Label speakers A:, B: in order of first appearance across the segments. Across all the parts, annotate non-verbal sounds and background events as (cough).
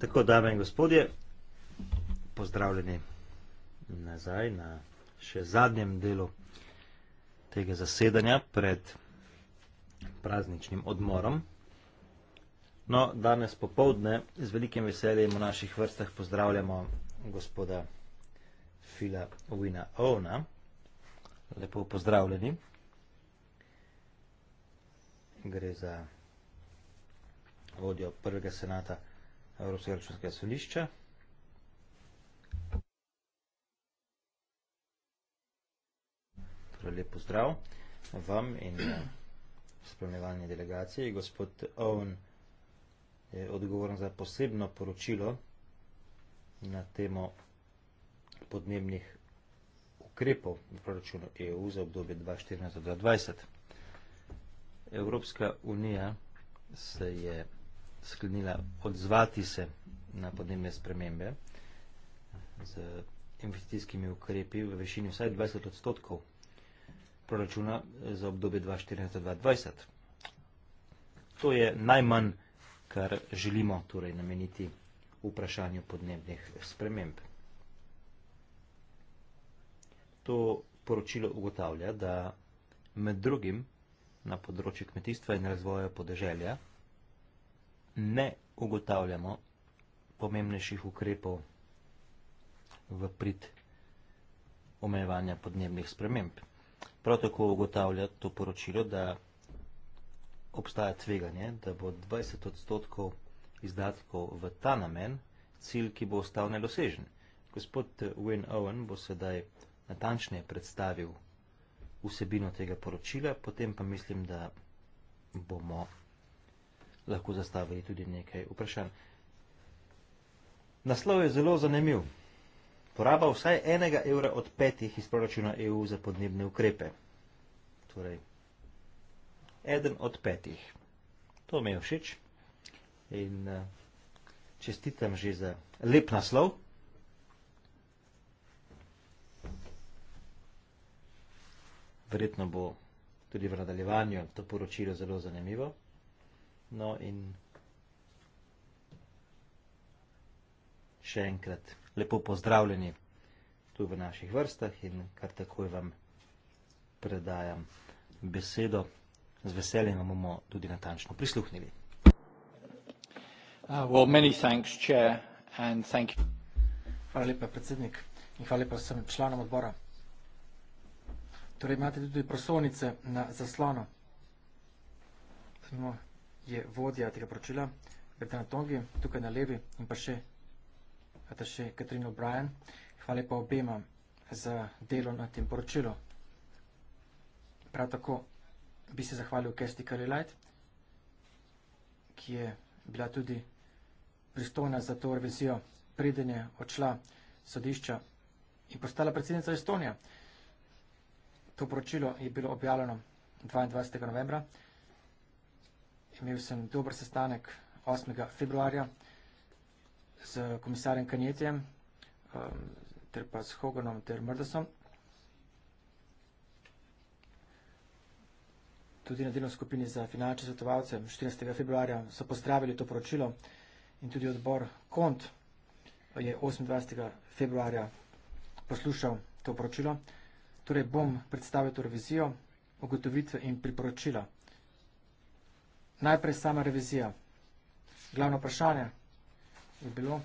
A: Tako, dame in gospodje, pozdravljeni nazaj na še zadnjem delu tega zasedanja pred prazničnim odmorom. No, danes popovdne z velikim veseljem v naših vrstah pozdravljamo gospoda Fila Wina Ona. Lepo pozdravljeni. Gre za vodjo prvega senata Evropskega računskega sodišča. Torej, lep pozdrav vam in spremljevalni delegaciji. Gospod Owen je odgovoren za posebno poročilo na temo podnebnih ukrepov v proračunu EU za obdobje 2014-2020. Evropska unija se je sklenila odzvati se na podnebne spremembe z investicijskimi ukrepi v višini vsaj 20 odstotkov proračuna za obdobje 2014-2020. To je najmanj, kar želimo torej nameniti vprašanju podnebnih sprememb. To poročilo ugotavlja, da med drugim na področju kmetijstva in razvoja podeželja ne ugotavljamo pomembnejših ukrepov v prid omejevanja podnebnih sprememb. Prav tako ugotavlja to poročilo, da obstaja tveganje, da bo 20 odstotkov izdatkov v ta namen cilj, ki bo ostal nedosežen. Gospod Wayne Owen bo sedaj natančneje predstavil vsebino tega poročila, potem pa mislim, da bomo lahko zastavili tudi nekaj vprašanj. Naslov je zelo zanimiv. Poraba vsaj enega evra od petih iz proračuna EU za podnebne ukrepe. Torej, eden od petih. To me je všeč in uh, čestitam že za lep naslov. Verjetno bo tudi v nadaljevanju to poročilo zelo zanimivo. No, in še enkrat lepo pozdravljeni tu v naših vrstah in kar takoj vam predajam besedo. Z veseljem vam bomo tudi natančno prisluhnili.
B: Uh, well, many thanks, chair, and thank you. Hvala lepa, predsednik, in hvala lepa vsem članom odbora. Torej, imate tudi prosovnice na zaslonu. Samo je vodja tega poročila, Bertrand Tongi, tukaj na levi in pa še, pa še Katrino Brian. Hvala pa obema za delo na tem poročilu. Prav tako bi se zahvalil Kesti Karilajt, ki je bila tudi pristojna za to revizijo predenje odšla sodišča in postala predsednica Estonija. To poročilo je bilo objavljeno 22. novembra imel sem dober sestanek 8. februarja z komisarjem Kanjetjem um, ter pa s Hoganom ter Mrdosom. Tudi na delno skupini za finančne svetovalce 14. februarja so pozdravili to poročilo in tudi odbor KONT je 28. februarja poslušal to poročilo. Torej bom predstavil to revizijo, ugotovitve in priporočila. Najprej sama revizija. Glavno vprašanje je bilo,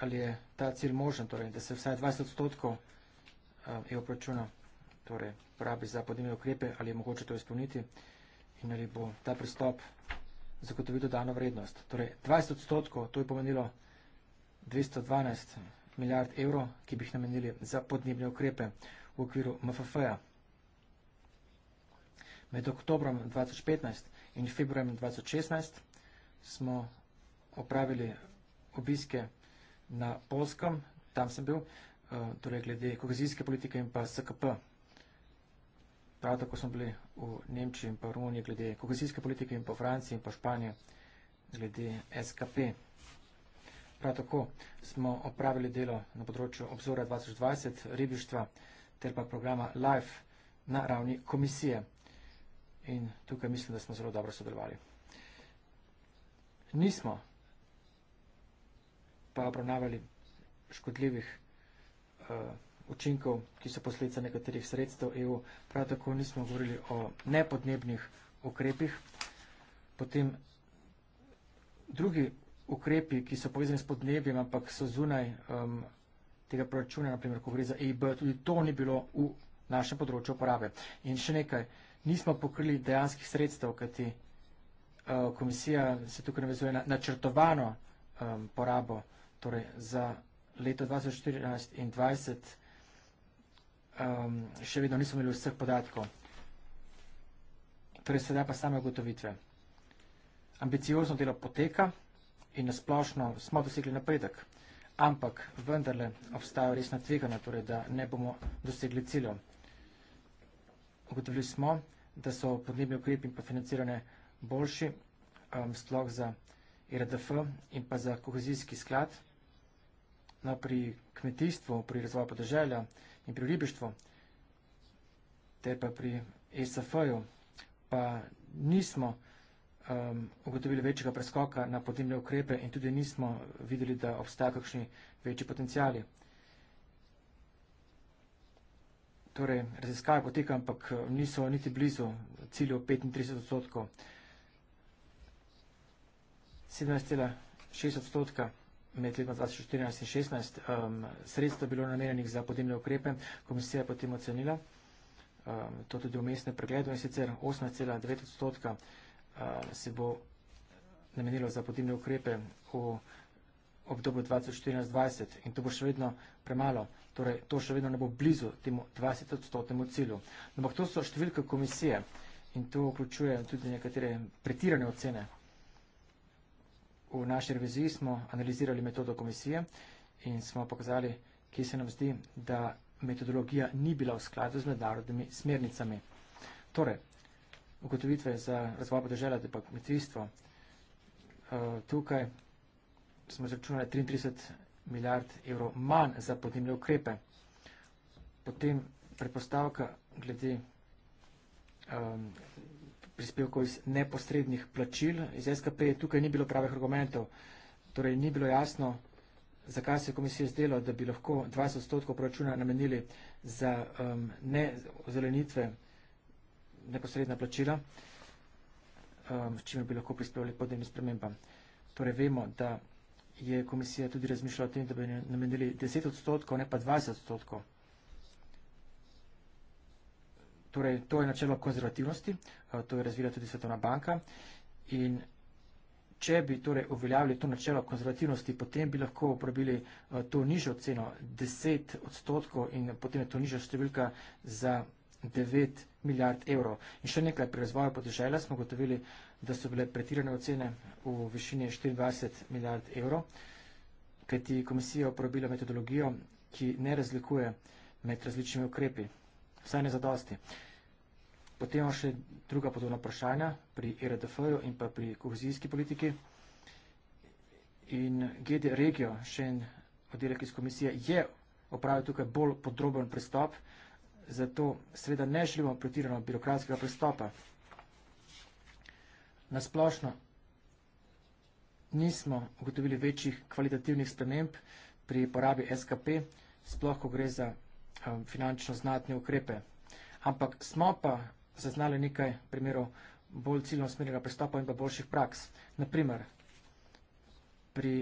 B: ali je ta cilj možen, torej, da se vsaj 20 odstotkov je eh, opračuna, torej porabi za podnebne ukrepe, ali je mogoče to izpolniti in ali bo ta pristop zagotovil dodano vrednost. Torej, 20 odstotkov, to je pomenilo 212 milijard evrov, ki bi jih namenili za podnebne ukrepe v okviru MFF-ja. Med oktobrom 2015 in februarjem 2016 smo opravili obiske na Polskem, tam sem bil, eh, torej glede kohezijske politike in pa SKP. Prav tako smo bili v Nemčiji in pa v Romuniji glede kohezijske politike in pa v Franciji in pa v Španiji glede SKP. Prav tako smo opravili delo na področju obzora 2020, ribištva ter pa programa LIFE na ravni komisije in tukaj mislim, da smo zelo dobro sodelovali. Nismo pa obravnavali škodljivih uh, učinkov, ki so posledica nekaterih sredstev EU, prav tako nismo govorili o nepodnebnih ukrepih. Potem drugi ukrepi, ki so povezani s podnebjem, ampak so zunaj um, tega proračuna, naprimer, ko gre za EIB, tudi to ni bilo v našem področju uporabe. In še nekaj. Uh, nismo pokrili dejanskih sredstev, kajti eh, komisija se tukaj navezuje na načrtovano porabo, torej za leto 2014 in 2020 še vedno nismo imeli vseh podatkov. Torej sedaj pa same ugotovitve. Ambiciozno delo poteka in nasplošno smo dosegli napredek, ampak vendarle obstajajo resna tvegana, torej da ne bomo dosegli ciljev ugotovili smo, da so podnebni ukrepi in pa financirane boljši, um, sploh za IRDF in pa za kohezijski sklad. No, pri kmetijstvu, pri razvoju podeželja in pri ribištvu, ter pa pri ESF-ju, pa nismo um, ugotovili večjega preskoka na podnebne ukrepe in tudi nismo videli, da obstajajo kakšni večji potencijali. Torej, raziskave potekajo, ampak eh, niso niti blizu cilju 35 odstotkov. 17,6 odstotka med letom 2014 in 2016 um, sredstva bilo namenjenih za podnebne ukrepe, komisija je potem ocenila um, to tudi v mestne pregledu in sicer 18,9 odstotka uh, se bo namenilo za podnebne ukrepe v obdobju 2014-2020 in to bo še vedno premalo, torej to še vedno ne bo blizu temu 20 odstotnemu cilju. Ampak to so številke komisije in to vključuje tudi nekatere pretirane ocene. V naši reviziji smo analizirali metodo komisije in smo pokazali, kje se nam zdi, da metodologija ni bila v skladu z mednarodnimi smernicami. Torej, ugotovitve za razvoj podržela, da pa kmetijstvo eh, tukaj smo izračunali 33 milijard evrov manj za podnebne ukrepe. Potem predpostavka glede um, prispevkov iz neposrednih plačil. Iz SKP tukaj ni bilo pravih argumentov, torej ni bilo jasno, zakaj se je komisija zdelo, da bi lahko 20 odstotkov proračuna namenili za um, neozelenitve neposredna plačila, um, s čimer bi lahko prispevali podnebnim spremembam. Torej vemo, da je komisija tudi razmišljala o tem, da bi namenili 10 odstotkov, ne pa 20 odstotkov. Torej, to je načelo konzervativnosti, eh, to je razvila tudi Svetovna banka in če bi torej uveljavili to načelo konzervativnosti, potem bi lahko uporabili eh, to nižjo ceno 10 odstotkov in potem je to nižja številka za 9 milijard evrov. In še nekaj pri razvoju podeželja smo gotovili, da so bile pretirane ocene v višini 24 milijard evrov, kajti komisija je uporabila metodologijo, ki ne razlikuje med različnimi ukrepi, vsaj ne zadosti. Potem imamo še druga podobna vprašanja pri e RDF-ju in pa pri kohezijski politiki. In GD Regio, še en oddelek iz komisije, je opravil tukaj bolj podroben pristop, zato seveda ne želimo pretirano birokratskega pristopa nasplošno nismo ugotovili večjih kvalitativnih sprememb pri porabi SKP, sploh ko gre za um, finančno znatne ukrepe. Ampak smo pa zaznali nekaj primerov bolj ciljno smernega pristopa in pa boljših praks. Naprimer, pri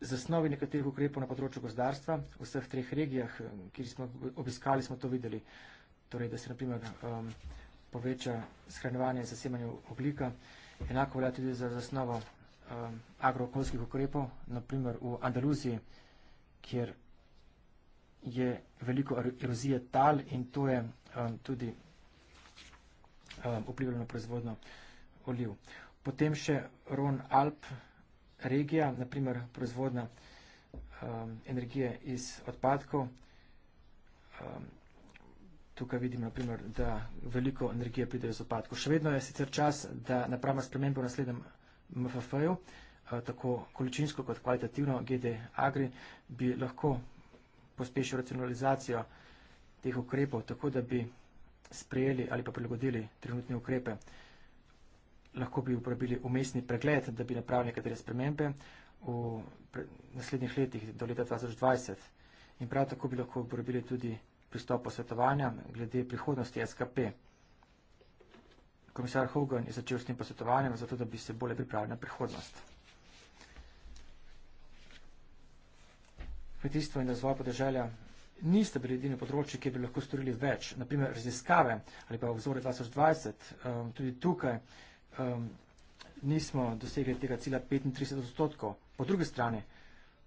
B: zasnovi nekaterih ukrepov na področju gozdarstva v vseh treh regijah, um, kjer smo obiskali, smo to videli. Torej, da se naprimer um, poveča shranjevanje in zasemanje oglika. Enako velja tudi za zasnovo um, agrookoljskih ukrepov, naprimer v Andaluziji, kjer je veliko erozije tal in to je um, tudi um, vplivalo na proizvodno oliv. Potem še Ron Alp regija, naprimer proizvodna um, energije iz odpadkov. Um, Tukaj vidim, naprimer, da veliko energije pride iz odpadkov. Še vedno je sicer čas, da napravimo spremembo v naslednjem MFF-ju, eh, tako količinsko kot kvalitativno, GD Agri bi lahko pospešil racionalizacijo teh ukrepov, tako da bi sprejeli ali pa prilagodili trenutne ukrepe. Lahko bi uporabili umestni pregled, da bi napravili nekatere spremembe v naslednjih letih do leta 2020. In prav tako bi lahko uporabili tudi pristopu posvetovanja glede prihodnosti SKP. Komisar Hogan je začel s tem posvetovanjem, zato da bi se bolje pripravljal na prihodnost. Kmetijstvo in razvoj podeželja niste bili edini področji, kjer bi lahko storili več, naprimer raziskave ali pa vzore 2020. Um, tudi tukaj um, nismo dosegli tega cela 35 odstotkov. Po drugi strani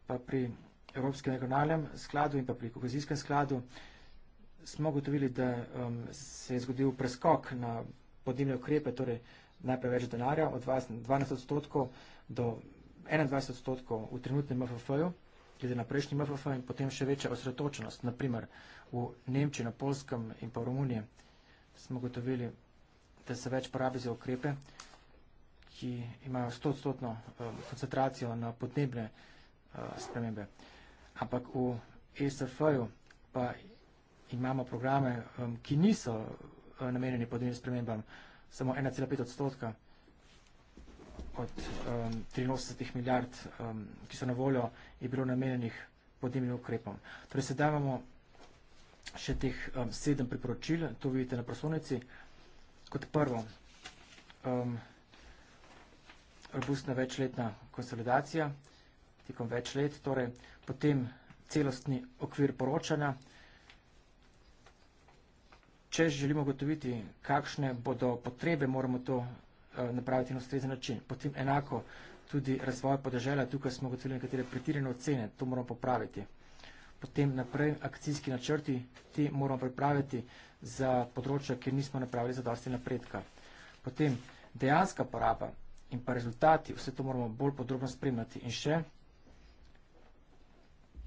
B: pa pri Evropskem regionalnem skladu in pa pri kohezijskem skladu smo gotovili, da um, se je zgodil preskok na podnebne ukrepe, torej najprej več denarja od 12 odstotkov do 21 odstotkov v trenutnem MFF-ju, glede na prejšnji MFF in potem še večja osredotočenost, naprimer v Nemčiji, na Polskem in pa v Romuniji, smo gotovili, da se več porabi za ukrepe, ki imajo 100 odstotno um, koncentracijo na podnebne uh, spremembe. Ampak v ESF-ju pa imamo programe, um, ki niso uh, namenjeni podnebnim spremembam, samo 1,5 odstotka od um, 83 milijard, um, ki so na voljo, je bilo namenjenih podnebnim ukrepom. Torej, sedaj imamo še teh um, sedem priporočil, to vidite na prosovnici. Kot prvo, um, robustna večletna konsolidacija, tekom več let, torej potem celostni okvir poročanja, če želimo gotoviti, kakšne bodo potrebe, moramo to eh, napraviti na ustrezen način. Potem enako tudi razvoj podeželja, tukaj smo gotovili nekatere pretirane ocene, to moramo popraviti. Potem naprej akcijski načrti, ti moramo pripraviti za področja, kjer nismo napravili zadosti napredka. Potem dejanska poraba in pa rezultati, vse to moramo bolj podrobno spremljati. In še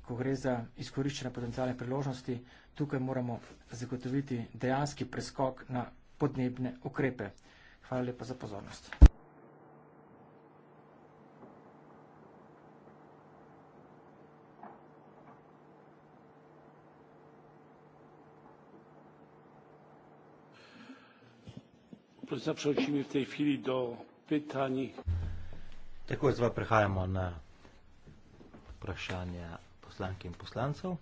B: ko gre za izkoriščene potencijalne priložnosti, tukaj moramo zagotoviti dejanski preskok na podnebne ukrepe. Hvala lepa za pozornost.
C: Zaprosimo v tej hvili do pitanj.
A: Tako zdaj prehajamo na vprašanja poslanki in poslancev.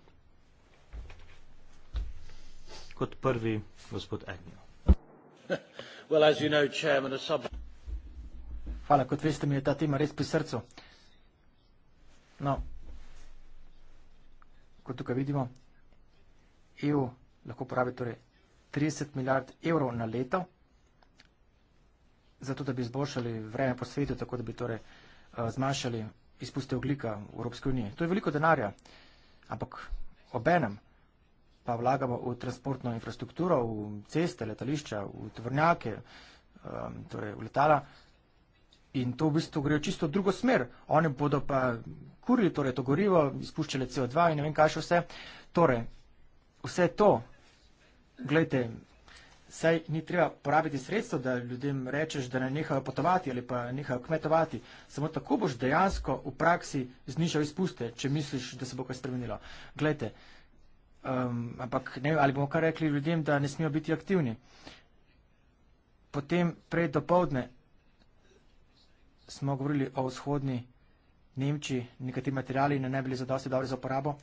A: Kot prvi, gospod Agnew.
B: (laughs) Well, you know, sub... Hvala, kot veste, mi je ta tema res pri srcu. No, kot tukaj vidimo, EU lahko porabi torej 30 milijard evrov na leto, zato da bi izboljšali vreme po svetu, tako da bi torej uh, zmanjšali izpustov glika v Evropski uniji. To je veliko denarja, ampak obenem pa vlagamo v transportno infrastrukturo, v ceste, letališča, v tvornjake, um, torej v letala. In to v bistvu gre v čisto drugo smer. Oni bodo pa kurili torej, to gorivo, izpuščali CO2 in ne vem kaj še vse. Torej, vse to, gledajte, saj ni treba porabiti sredstva, da ljudem rečeš, da ne nehajo potovati ali pa nehajo kmetovati. Samo tako boš dejansko v praksi znižal izpuste, če misliš, da se bo kaj spremenilo. Glejte, um, ampak ne, ali bomo kar rekli ljudem, da ne smijo biti aktivni. Potem prej do povdne smo govorili o vzhodni Nemčiji, nekateri materijali ne, ne bili zadosti dobri za uporabo.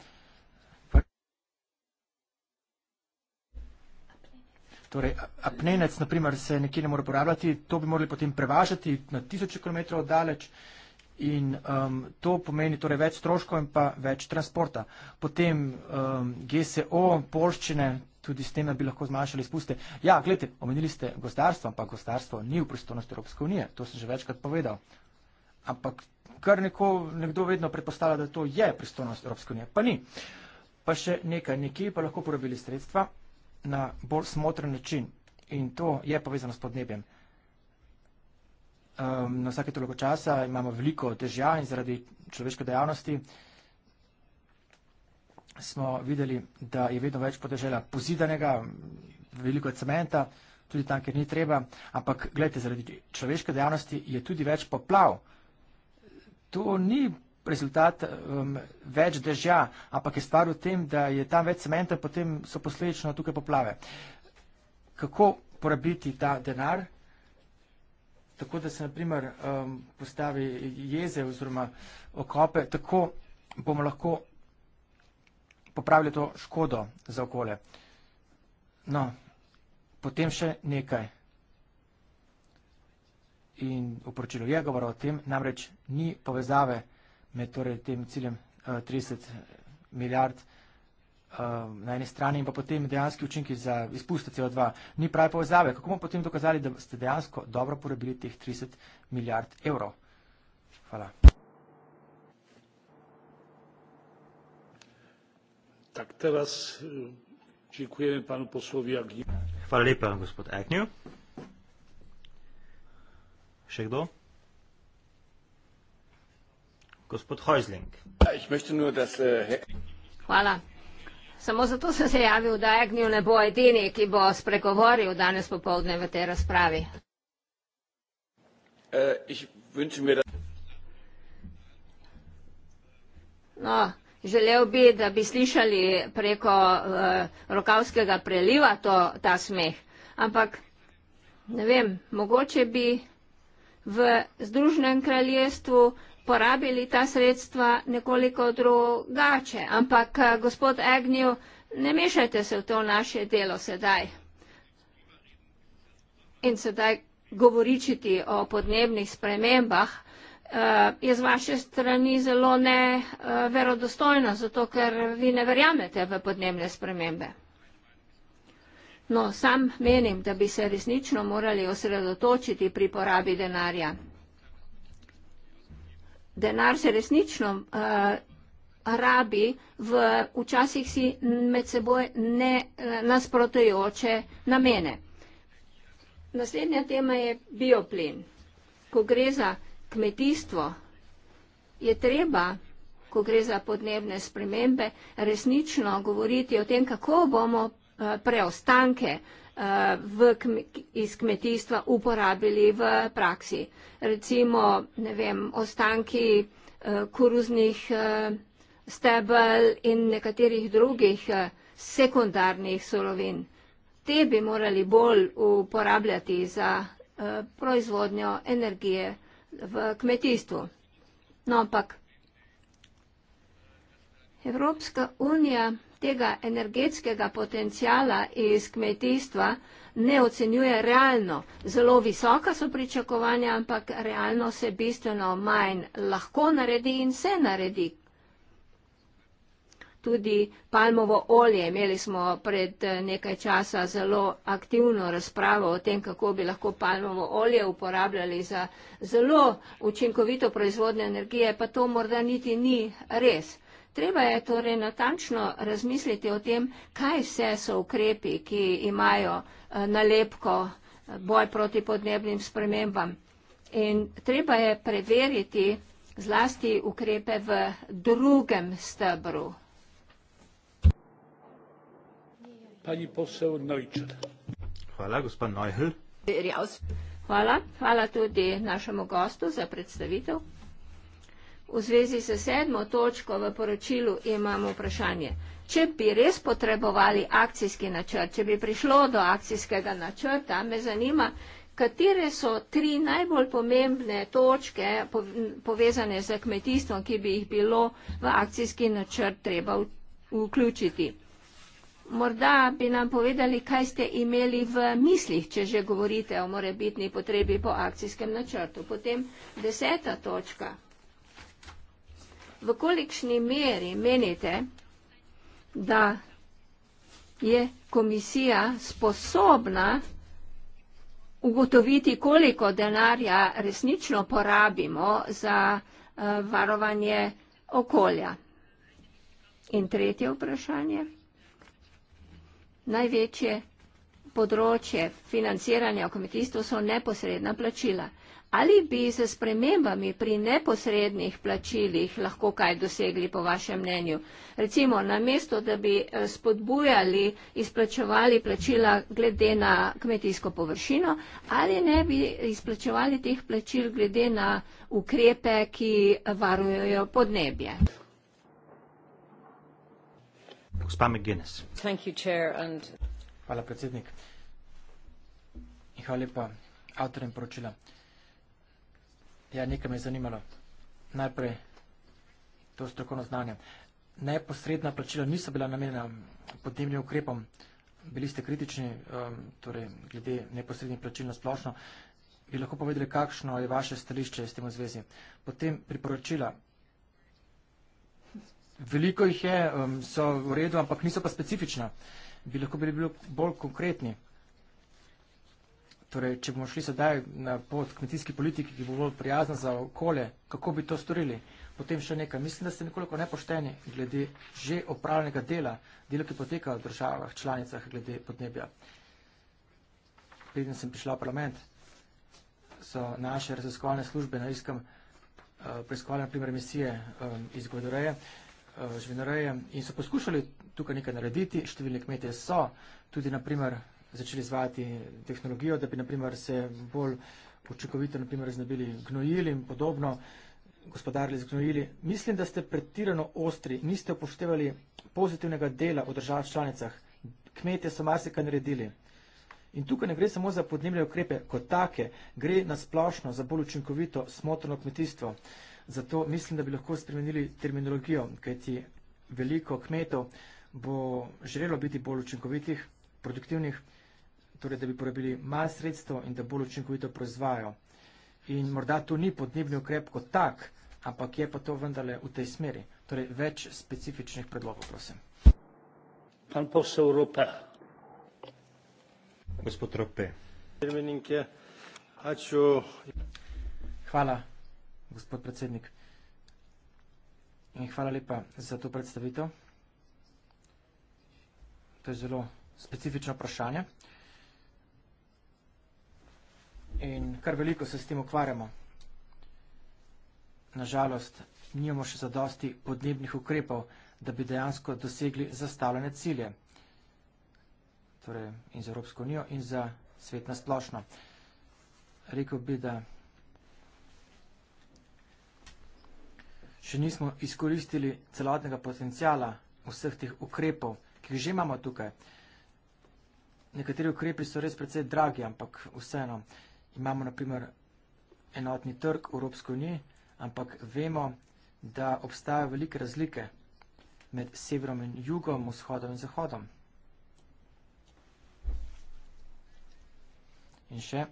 B: Torej, apnenec, naprimer, se nekje ne more uporabljati, to bi morali potem prevažati na tisoče kilometrov daleč in um, to pomeni torej več stroškov in pa več transporta. Potem um, GSO, polščine, tudi s tem, da bi lahko zmanjšali izpuste. Ja, gledajte, omenili ste gospodarstvo, ampak gospodarstvo ni v pristojnosti Evropske unije, to sem že večkrat povedal. Ampak kar neko, nekdo vedno predpostavlja, da to je pristojnost Evropske unije, pa ni. Pa še nekaj, nekje pa lahko porabili sredstva, na bolj smotren način in to je povezano s podnebjem. Um, na vsake toliko časa imamo veliko težja in zaradi človeške dejavnosti smo videli, da je vedno več podežela pozidanega, veliko je cementa, tudi tam, kjer ni treba, ampak gledajte, zaradi človeške dejavnosti je tudi več poplav. To ni rezultat um, več dežja, ampak je stvar v tem, da je tam več cementa, potem so posledično tukaj poplave. Kako porabiti ta denar, tako da se naprimer um, postavi jeze oziroma okope, tako bomo lahko popravili to škodo za okolje. No, potem še nekaj. In v poročilu je govora o tem, namreč ni povezave med torej tem ciljem uh, eh, 30 milijard uh, na eni strani in pa potem dejanski učinki za izpuste CO2. Ni prave povezave. Kako bomo potem dokazali, da ste dejansko dobro porabili teh 30 milijard evrov? Hvala.
A: Tak, teraz
B: eh, dziękujemy
A: panu posłowi Agni. Chwała lepa, gospod Agniu. Jeszcze kto? Gospod Heusling.
C: Ja, äh, Hvala. Samo zato sem se javil, da Agnew ne bo edini, ki bo spregovoril danes popovdne v tej razpravi.
B: Äh,
C: no, želel bi, da bi slišali preko uh, rokavskega preliva to, ta smeh, ampak ne vem, mogoče bi v Združenem kraljestvu porabili ta sredstva nekoliko drugače. Ampak, eh, gospod Agnew, ne mešajte se v to naše delo sedaj. In sedaj govoričiti o podnebnih spremembah eh, je z vaše strani zelo neverodostojno, eh, zato ker vi ne verjamete v podnebne spremembe. No, sam menim, da bi se resnično morali osredotočiti pri porabi denarja denar se resnično uh, rabi v včasih si med seboj ne uh, nasprotujoče namene. Naslednja tema je bioplin. Ko gre za kmetijstvo, je treba, ko gre za podnebne spremembe, resnično govoriti o tem, kako bomo uh, preostanke uh, Eh, v, iz kmetijstva uporabili v praksi. Recimo, ne vem, ostanki eh, koruznih eh, stebel in nekaterih drugih sekundarnih solovin. Te bi morali bolj uporabljati za proizvodnjo energije v kmetijstvu. No, ampak Evropska unija tega energetskega potencijala iz kmetijstva ne ocenjuje realno. Zelo visoka so pričakovanja, ampak realno se bistveno manj lahko naredi in se naredi. Tudi palmovo olje. Imeli smo pred eh, nekaj časa zelo aktivno razpravo o tem, kako bi lahko palmovo olje uporabljali za zelo učinkovito proizvodnjo energije, pa to morda niti ni res. Treba je torej natančno razmisliti o tem, kaj vse so ukrepi, ki imajo eh, nalepko eh, boj proti podnebnim spremembam. In treba je preveriti zlasti ukrepe v drugem stebru.
A: Pani posel Neuchel. Hvala, gospod Neuchel.
C: Hvala. Hvala tudi našemu gostu za predstavitev. V zvezi s sedmo točko v poročilu imamo vprašanje. Če bi res potrebovali akcijski načrt, če bi prišlo do akcijskega načrta, me zanima, katere so tri najbolj pomembne točke povezane z kmetijstvom, ki bi jih bilo v akcijski načrt treba vključiti. Morda bi nam povedali, kaj ste imeli v mislih, če že govorite o morebitni potrebi po akcijskem načrtu. Potem deseta točka. V kolikšni meri menite, da je komisija sposobna ugotoviti, koliko denarja resnično porabimo za uh, varovanje okolja? In tretje vprašanje. Največje področje financiranja v kmetijstvu so neposredna plačila. Ali bi z spremembami pri neposrednih plačilih lahko kaj dosegli po vašem mnenju? Recimo, namesto, da bi eh, spodbujali, izplačevali plačila glede na kmetijsko površino, ali ne bi izplačevali teh plačil glede na ukrepe, ki varujejo podnebje?
A: Gospa McGuinness.
B: Hvala, predsednik. In hvala lepa avtorem poročila. Ja, nekaj me je zanimalo. Najprej to strokovno znanje. Neposredna plačila niso bila namenjena um, podnebnim ukrepom. Bili ste kritični, um, torej glede neposrednih plačil na splošno. Bi lahko povedali, kakšno je vaše stališče s tem v zvezi. Potem priporočila. Veliko jih je, um, so v redu, ampak niso pa specifična. Bi lahko bili bolj konkretni. Torej, če bomo šli sedaj na pot kmetijski politiki, ki bo bolj prijazna za okolje, kako bi to storili? Potem še nekaj. Mislim, da ste nekoliko nepošteni glede že opravljenega dela, dela, ki poteka v državah, članicah, glede podnebja. Preden sem prišla v parlament, so naše raziskovalne službe na iskam eh, preiskovalne, na primer, emisije eh, iz Gvadoreje, eh, Živinoreje in so poskušali tukaj nekaj narediti. Številne kmetije so tudi, na primer, začeli izvajati tehnologijo, da bi naprimer, se bolj učinkovito znebili gnojili in podobno, gospodarili z gnojili. Mislim, da ste pretirano ostri, niste upoštevali pozitivnega dela v državah članicah. Kmetje so marsikaj naredili. In tukaj ne gre samo za podnebne ukrepe kot take, gre nasplošno za bolj učinkovito, smotrno kmetijstvo. Zato mislim, da bi lahko spremenili terminologijo, kajti veliko kmetov bo želelo biti bolj učinkovitih, produktivnih torej da bi porabili manj sredstev in da bolj učinkovito proizvajajo. In morda to ni podnebni ukrep kot tak, ampak je pa to vendarle v tej smeri. Torej več specifičnih predlogov, prosim.
A: Pan posel Rope.
B: Gospod Rope. Hvala, gospod predsednik. In hvala lepa za to predstavitev. To je zelo specifično vprašanje in kar veliko se s tem ukvarjamo. Nažalost, nimamo še zadosti podnebnih ukrepov, da bi dejansko dosegli zastavljene cilje. Torej, in za Evropsko unijo, in za svet na splošno. Rekel bi, da še nismo izkoristili celotnega potencijala vseh teh ukrepov, ki jih že imamo tukaj. Nekateri ukrepi so res precej dragi, ampak vseeno imamo naprimer enotni trg v Evropsko uniji, ampak vemo, da obstajajo velike razlike med severom in jugom, vzhodom in zahodom. In še,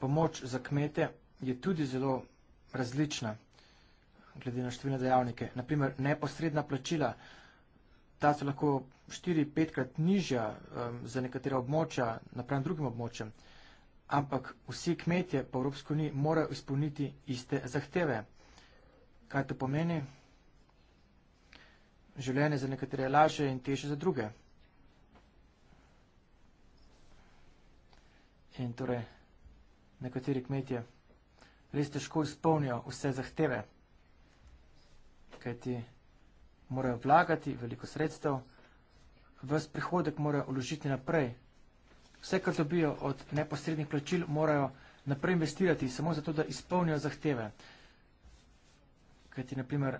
B: pomoč za kmete je tudi zelo različna, glede na številne dejavnike. Naprimer, neposredna plačila, ta so lahko 4-5 krat nižja um, za nekatera območja napram drugim območjem, ampak vsi kmetje po Evropsko uniji morajo izpolniti iste zahteve. Kaj to pomeni? Življenje za nekatere je lažje in teže za druge. In torej nekateri kmetje res težko izpolnijo vse zahteve, kajti morajo vlagati veliko sredstev, vse prihodek morajo uložiti naprej. Vse, kar dobijo od neposrednih plačil, morajo naprej investirati samo zato, da izpolnijo zahteve. Kajti, naprimer,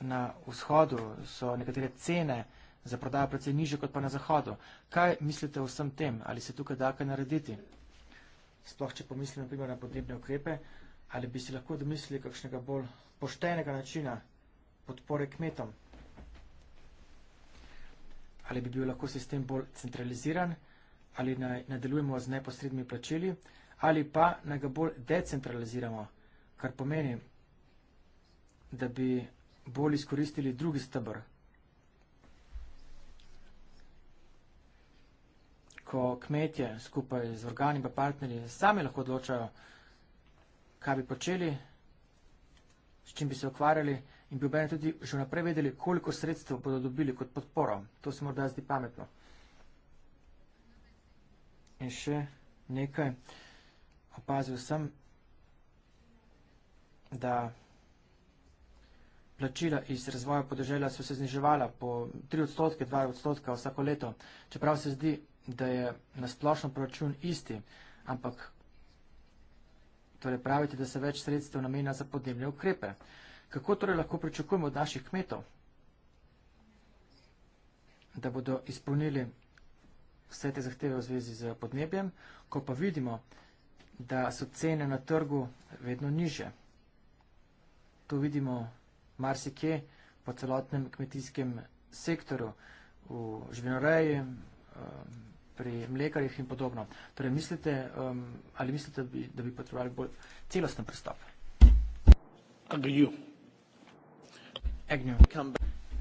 B: na vzhodu so nekatere cene za prodajo precej niže kot pa na zahodu. Kaj mislite o vsem tem? Ali se tukaj da kaj narediti? Sploh, če pomislim naprimer na podnebne ukrepe, ali bi si lahko domislili kakšnega bolj poštenega načina podpore kmetom? Ali bi bil lahko sistem bolj centraliziran, ali naj nadaljujemo z neposrednimi plačili, ali pa naj ga bolj decentraliziramo, kar pomeni, da bi bolj izkoristili drugi stebr. Ko kmetje skupaj z organi pa partnerji sami lahko odločajo, kaj bi počeli, s čim bi se ukvarjali, in bi obenem tudi že naprej vedeli, koliko sredstev bodo dobili kot podporo. To se morda zdi pametno. In še nekaj. Opazil sem, da plačila iz razvoja podeželja so se zniževala po 3 odstotke, 2 odstotka vsako leto. Čeprav se zdi, da je na splošno proračun isti, ampak torej pravite, da se več sredstev namenja za podnebne ukrepe. Kako torej lahko pričakujemo od naših kmetov, da bodo izpolnili vse te zahteve v zvezi z podnebjem, ko pa vidimo, da so cene na trgu vedno niže. To vidimo marsikje po celotnem kmetijskem sektoru, v živinoreji, um, pri mlekarjih in podobno. Torej, mislite, um, ali mislite, da bi, da bi potrebovali bolj celosten pristop? Agriju. Agnew.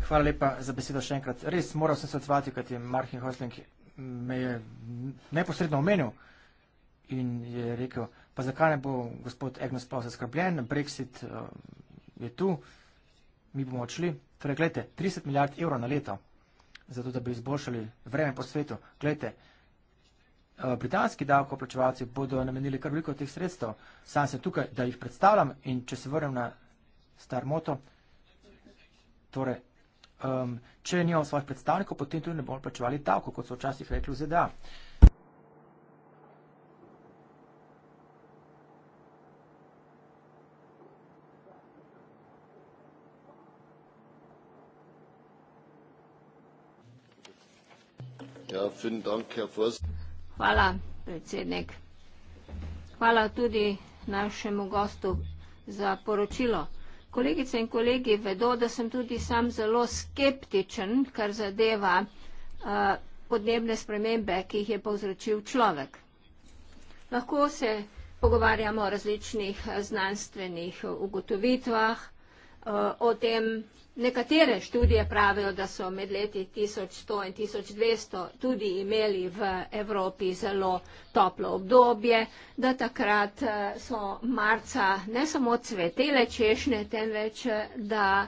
B: Hvala lepa za besedo še enkrat. Res moral sem se odzvati, kajti Martin Hosling me je neposredno omenil in je rekel, pa zakaj ne bo gospod Agnew sploh zaskrbljen, Brexit uh, je tu, mi bomo odšli. Torej, gledajte, 30 milijard evrov na leto, zato da bi izboljšali vreme po svetu. Gledajte, eh, Britanski davkoplačevalci bodo namenili kar veliko teh sredstev. Sam sem tukaj, da jih predstavljam in če se vrnem na star moto, Torej, um, če nimamo svojih predstavnikov, potem tudi ne bomo plačevali davko, kot so včasih rekli v ZDA.
C: Ja, dank, Hvala, predsednik. Hvala tudi našemu gostu za poročilo. Kolegice in kolegi vedo, da sem tudi sam zelo skeptičen, kar zadeva eh, podnebne spremembe, ki jih je povzročil človek. Lahko se pogovarjamo o različnih eh, znanstvenih eh, ugotovitvah, uh, o tem. Nekatere študije pravijo, da so med leti 1100 in 1200 tudi imeli v Evropi zelo toplo obdobje, da takrat eh, so marca ne samo cvetele češnje, temveč eh, da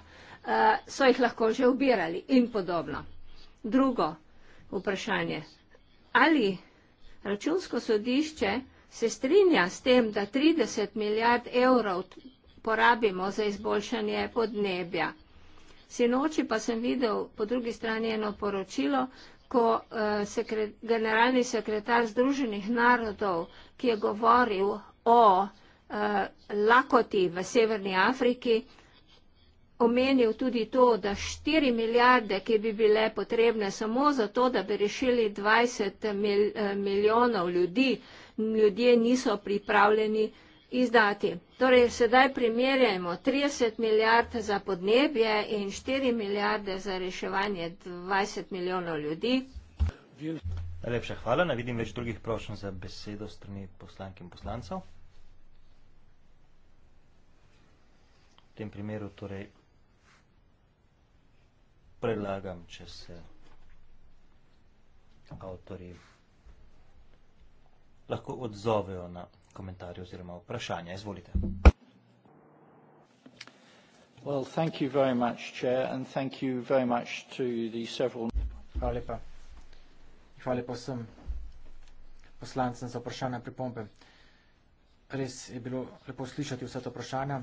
C: so jih lahko že ubirali in podobno. Drugo vprašanje. Ali računsko sodišče se strinja s tem, da 30 milijard evrov porabimo za izboljšanje podnebja. Sinoči pa sem videl po drugi strani eno poročilo, ko eh, sekre, generalni sekretar Združenih narodov, ki je govoril o eh, lakoti v Severni Afriki, omenil tudi to, da 4 milijarde, ki bi bile potrebne samo za to, da bi rešili 20 mil, eh, milijonov ljudi, ljudje niso pripravljeni eh, izdati. Torej, sedaj primerjajmo 30 milijard za podnebje in 4 milijarde za reševanje 20 milijonov ljudi.
A: Najlepša hvala. Ne vidim več drugih prošenj za besedo strani poslank in poslancev. V tem primeru torej predlagam, če se avtori lahko odzovejo na vse komentarje oziroma vprašanja. Izvolite.
B: Well, thank you very much, Chair, and thank you very much to the several... Hvala lepa. Hvala lepa vsem poslancem za vprašanja in pripombe. Res je bilo lepo slišati vsa ta vprašanja.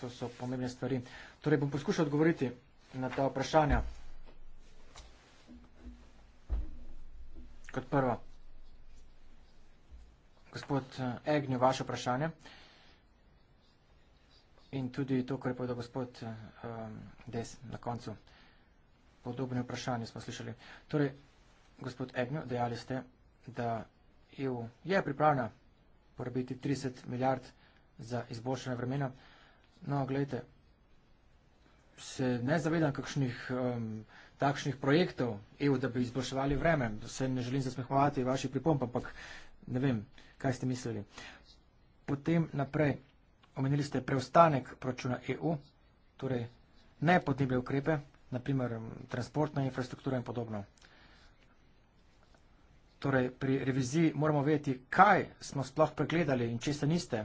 B: To so pomembne stvari. Torej, bom poskušal odgovoriti na ta vprašanja. Kot prvo, gospod eh, Egnjo, vaše vprašanje in tudi to, kar je povedal gospod eh, Des na koncu. Podobne vprašanje smo slišali. Torej, gospod Egnjo, dejali ste, da EU je pripravljena porabiti 30 milijard za izboljšanje vremena. No, gledajte, se ne zavedam kakšnih takšnih projektov EU, da bi izboljševali vreme. Se ne želim zasmehovati vaših pripomb, ampak ne vem, da bi izboljševali vreme kaj ste mislili. Potem naprej, omenili ste preostanek proračuna EU, torej ne podnebne ukrepe, naprimer transportna infrastruktura in podobno. Torej, pri reviziji moramo vedeti, kaj smo sploh pregledali in če se niste,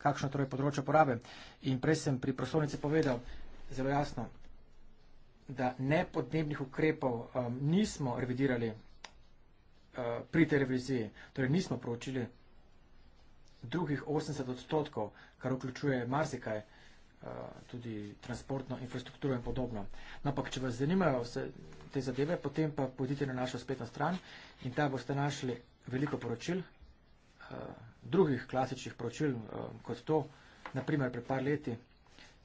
B: kakšno torej področje porabe. In prej sem pri proslovnici povedal zelo jasno, da ne podnebnih ukrepov um, nismo revidirali uh, pri tej reviziji, torej nismo proučili drugih 80 odstotkov, kar vključuje marsikaj, eh, tudi transportno infrastrukturo in podobno. No, ampak če vas zanimajo vse te zadeve, potem pa pojdite na našo spetno stran in tam boste našli veliko poročil, eh, drugih klasičnih poročil eh, kot to. Naprimer, pred par leti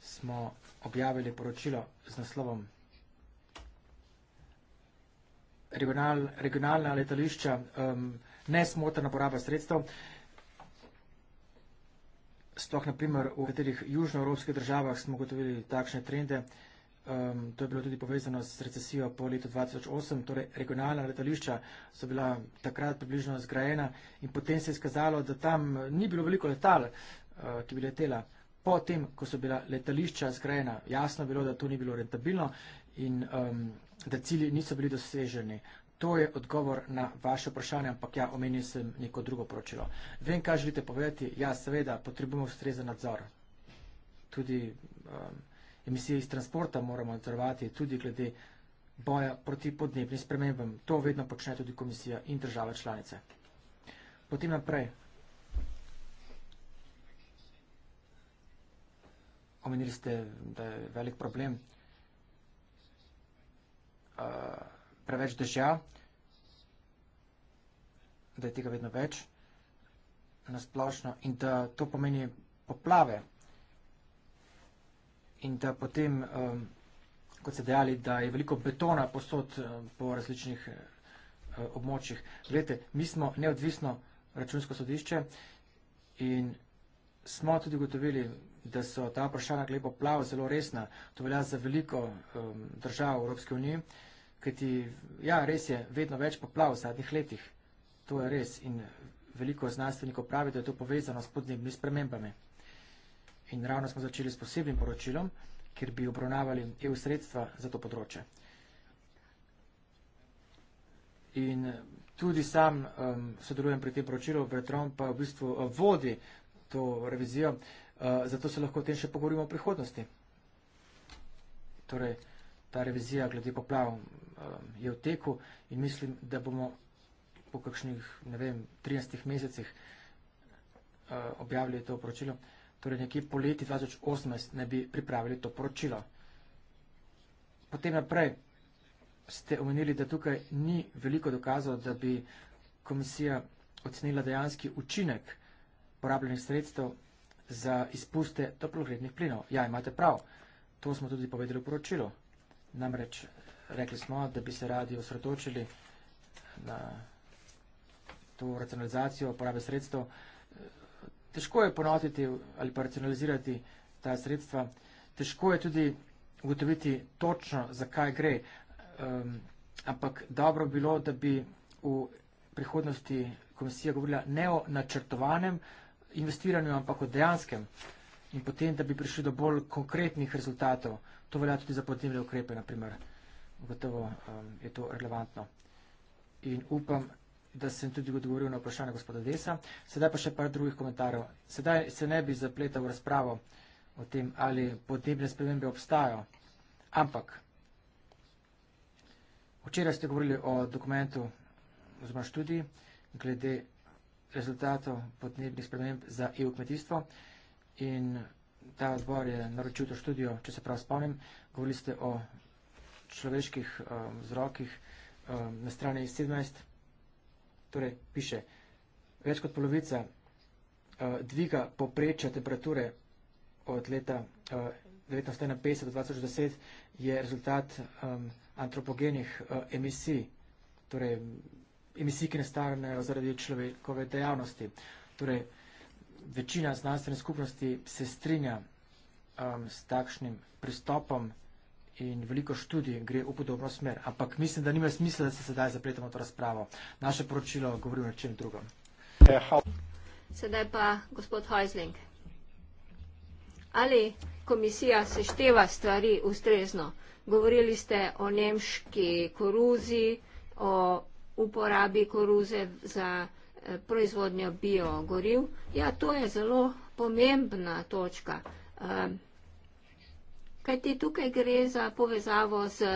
B: smo objavili poročilo z naslovom regionalna letališča, um, nesmotrna poraba sredstev. Uh, sploh naprimer v katerih južnoevropskih državah smo gotovili takšne trende. Um, to je bilo tudi povezano s recesijo po letu 2008, torej regionalna letališča so bila takrat približno zgrajena in potem se je skazalo, da tam ni bilo veliko letal, uh, ki bi letela. Potem, ko so bila letališča zgrajena, jasno je bilo, da to ni bilo rentabilno in um, da cilji niso bili doseženi. To je odgovor na vaše vprašanje, ampak ja, omenil sem neko drugo poročilo. Vem, kaj želite povedati. Ja, seveda, potrebujemo ustrezen nadzor. Tudi um, emisije iz transporta moramo nadzorovati, tudi glede boja proti podnebnim spremembam. To vedno počne tudi komisija in države članice. Potem naprej. Omenili ste, da je velik problem. Uh, preveč dežja, da je tega vedno več nasplošno in da to pomeni poplave in da potem, um, kot ste dejali, da je veliko betona posod um, po različnih um, območjih. Glede, mi smo neodvisno računsko sodišče in smo tudi gotovili, da so ta vprašanja glede poplav zelo resna. To velja za veliko um, držav v Evropske unije. Ker ti, ja, res je, vedno več poplav v zadnjih letih. To je res. In veliko znanstvenikov pravi, da je to povezano s podnebnimi spremembami. In ravno smo začeli s posebnim poročilom, kjer bi obravnavali EU sredstva za to področje. In tudi sam um, sodelujem pri tem poročilu, Vetron pa v bistvu uh, vodi to revizijo, uh, zato se lahko o tem še pogovorimo v prihodnosti. Torej, ta revizija glede poplav um, je v teku in mislim, da bomo po kakšnih, ne vem, 13 mesecih uh, objavili to poročilo. Torej nekje po leti 2018 ne bi pripravili to poročilo. Potem naprej ste omenili, da tukaj ni veliko dokazov, da bi komisija ocenila dejanski učinek porabljenih sredstev za izpuste toplogrednih plinov. Ja, imate prav. To smo tudi povedali v poročilu. Namreč rekli smo, da bi se radi osredotočili na to racionalizacijo uporabe sredstev. Težko je ponotiti ali pa racionalizirati ta sredstva. Težko je tudi ugotoviti točno, zakaj gre. Um, ampak dobro bilo, da bi v prihodnosti komisija govorila ne o načrtovanem investiranju, ampak o dejanskem in potem, da bi prišli do bolj konkretnih rezultatov. To velja tudi za podnebne ukrepe, naprimer. Gotovo um, je to relevantno. In upam, da sem tudi odgovoril na vprašanje gospoda Desa. Sedaj pa še par drugih komentarjev. Sedaj se ne bi zapletal v razpravo o tem, ali podnebne spremembe obstajajo. Ampak včeraj ste govorili o dokumentu oziroma študiji glede rezultatov podnebnih sprememb za EU kmetijstvo in ta zbor je naročil to študijo, če se prav spomnim, govorili ste o človeških um, vzrokih um, na strani 17, torej piše, več kot polovica uh, dviga poprečja temperature od leta uh, 1951 do 2010 je rezultat um, antropogenih uh, emisij, torej emisij, ki nastanejo zaradi človekove dejavnosti. Torej, večina znanstvene skupnosti se strinja um, s takšnim pristopom in veliko študij gre v podobno smer. Ampak mislim, da nima smisla, da se sedaj zapletemo to razpravo. Naše poročilo govori o čem drugem.
C: Sedaj pa gospod Heusling. Ali komisija sešteva stvari ustrezno? Govorili ste o nemški koruzi, o uporabi koruze za proizvodnjo biogoriv. Ja, to je zelo pomembna točka. Ehm, Kaj ti tukaj gre za povezavo z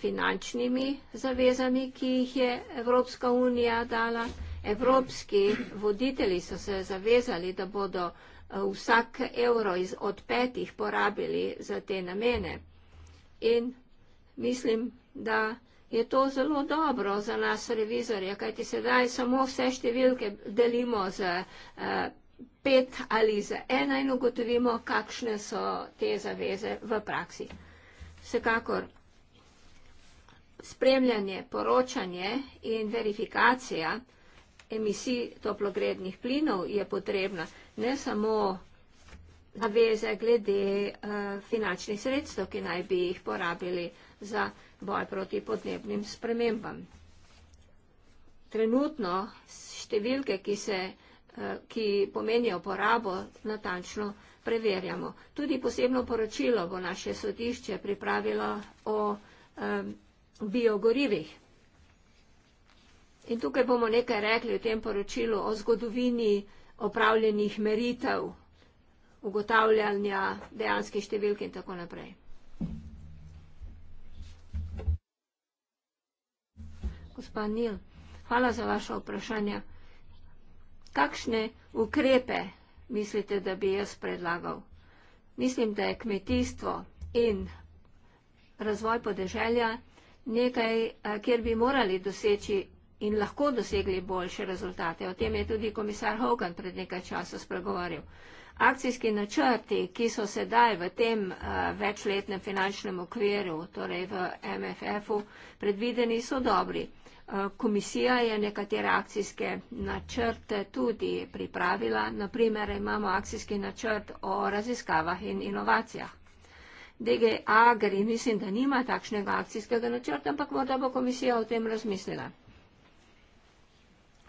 C: finančnimi zavezami, ki jih je Evropska unija dala. Evropski voditelji so se zavezali, da bodo eh, vsak evro iz, od petih porabili za te namene. In mislim, da je to zelo dobro za nas revizorje, kajti sedaj samo vse številke delimo z eh, pet ali z ena in ugotovimo, kakšne so te zaveze v praksi. Vsekakor spremljanje, poročanje in verifikacija emisij toplogrednih plinov je potrebna ne samo zaveze glede eh, finančnih sredstev, ki naj bi jih porabili za vse, boj proti podnebnim spremembam. Trenutno številke, ki, se, eh, ki pomenijo porabo, natančno preverjamo. Tudi posebno poročilo bo naše sodišče pripravilo o biogorivih. In tukaj bomo nekaj rekli v tem poročilu o zgodovini opravljenih meritev, ugotavljanja dejanskih številk in tako naprej. Gospa Nil, hvala za vaše vprašanje. Kakšne ukrepe mislite, da bi jaz predlagal? Mislim, da je kmetijstvo in razvoj podeželja nekaj, eh, kjer bi morali doseči in lahko dosegli boljše rezultate. O tem je tudi komisar Hogan pred nekaj časa spregovoril. Akcijski načrti, ki so sedaj v tem uh, večletnem finančnem okviru, torej v MFF-u, predvideni so dobri. Komisija je nekatere akcijske načrte tudi pripravila, naprimer imamo akcijski načrt o raziskavah in inovacijah. DG Agri mislim, da nima takšnega akcijskega načrta, ampak morda bo komisija o tem razmislila.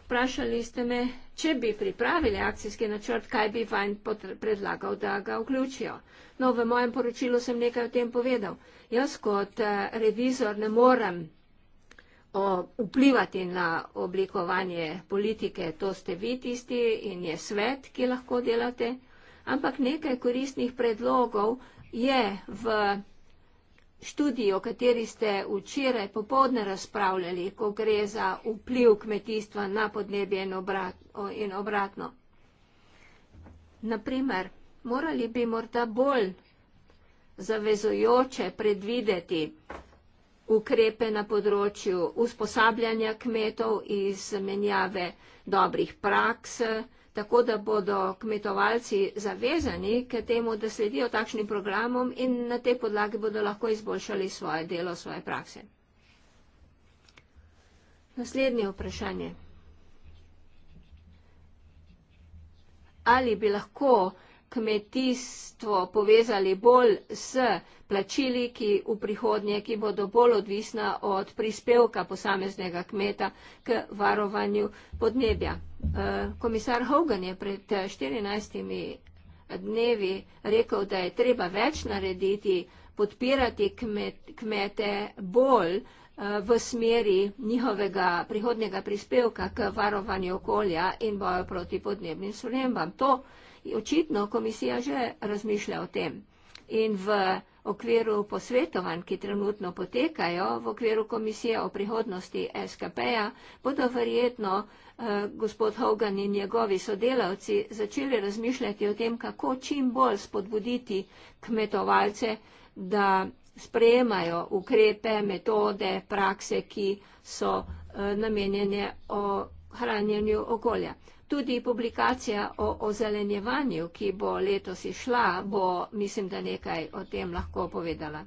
C: Vprašali ste me, če bi pripravili akcijski načrt, kaj bi vanj predlagal, da ga vključijo. No, v mojem poročilu sem nekaj o tem povedal. Jaz kot eh, revizor ne morem vplivati na oblikovanje politike, to ste vi tisti in je svet, ki lahko delate, ampak nekaj koristnih predlogov je v študiji, o kateri ste včeraj popovdne razpravljali, ko gre za vpliv kmetijstva na podnebje in obratno. Naprimer, morali bi morda bolj zavezojoče predvideti, ukrepe na področju usposabljanja kmetov, izmenjave dobrih praks, tako da bodo kmetovalci zavezani k temu, da sledijo takšnim programom in na tej podlagi bodo lahko izboljšali svoje delo, svoje prakse. Naslednje vprašanje. Ali bi lahko kmetijstvo povezali bolj s plačili, ki v prihodnje, ki bodo bolj odvisna od prispevka posameznega kmeta k varovanju podnebja. Eh, komisar Hogan je pred 14 dnevi rekel, da je treba več narediti, podpirati kmet, kmete bolj eh, v smeri njihovega prihodnjega prispevka k varovanju okolja in boju proti podnebnim spremembam. To očitno komisija že razmišlja o tem. In v okviru posvetovanj, ki trenutno potekajo v okviru komisije o prihodnosti SKP-ja, bodo verjetno eh, gospod Hogan in njegovi sodelavci začeli razmišljati o tem, kako čim bolj spodbuditi kmetovalce, da sprejemajo ukrepe, metode, prakse, ki so eh, namenjene o hranjenju okolja. Tudi publikacija o ozelenjevanju, ki bo letos išla, bo, mislim, da nekaj o tem lahko povedala.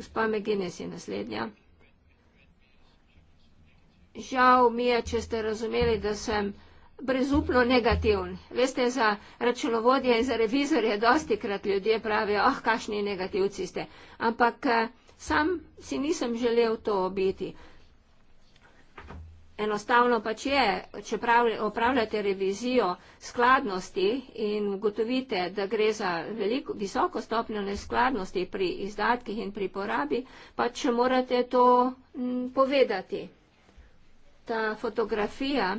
C: Gospa McGinnis je naslednja. Žal mi je, če ste razumeli, da sem brezupno negativen. Veste, za računovodje in za revizorje dosti krat ljudje pravijo, ah, oh, kašni negativci ste. Ampak eh, sam si nisem želel to biti enostavno pač je, če opravljate revizijo skladnosti in ugotovite, da gre za veliko, visoko stopnjo neskladnosti pri izdatkih in pri porabi, pač morate to m, povedati. Ta fotografija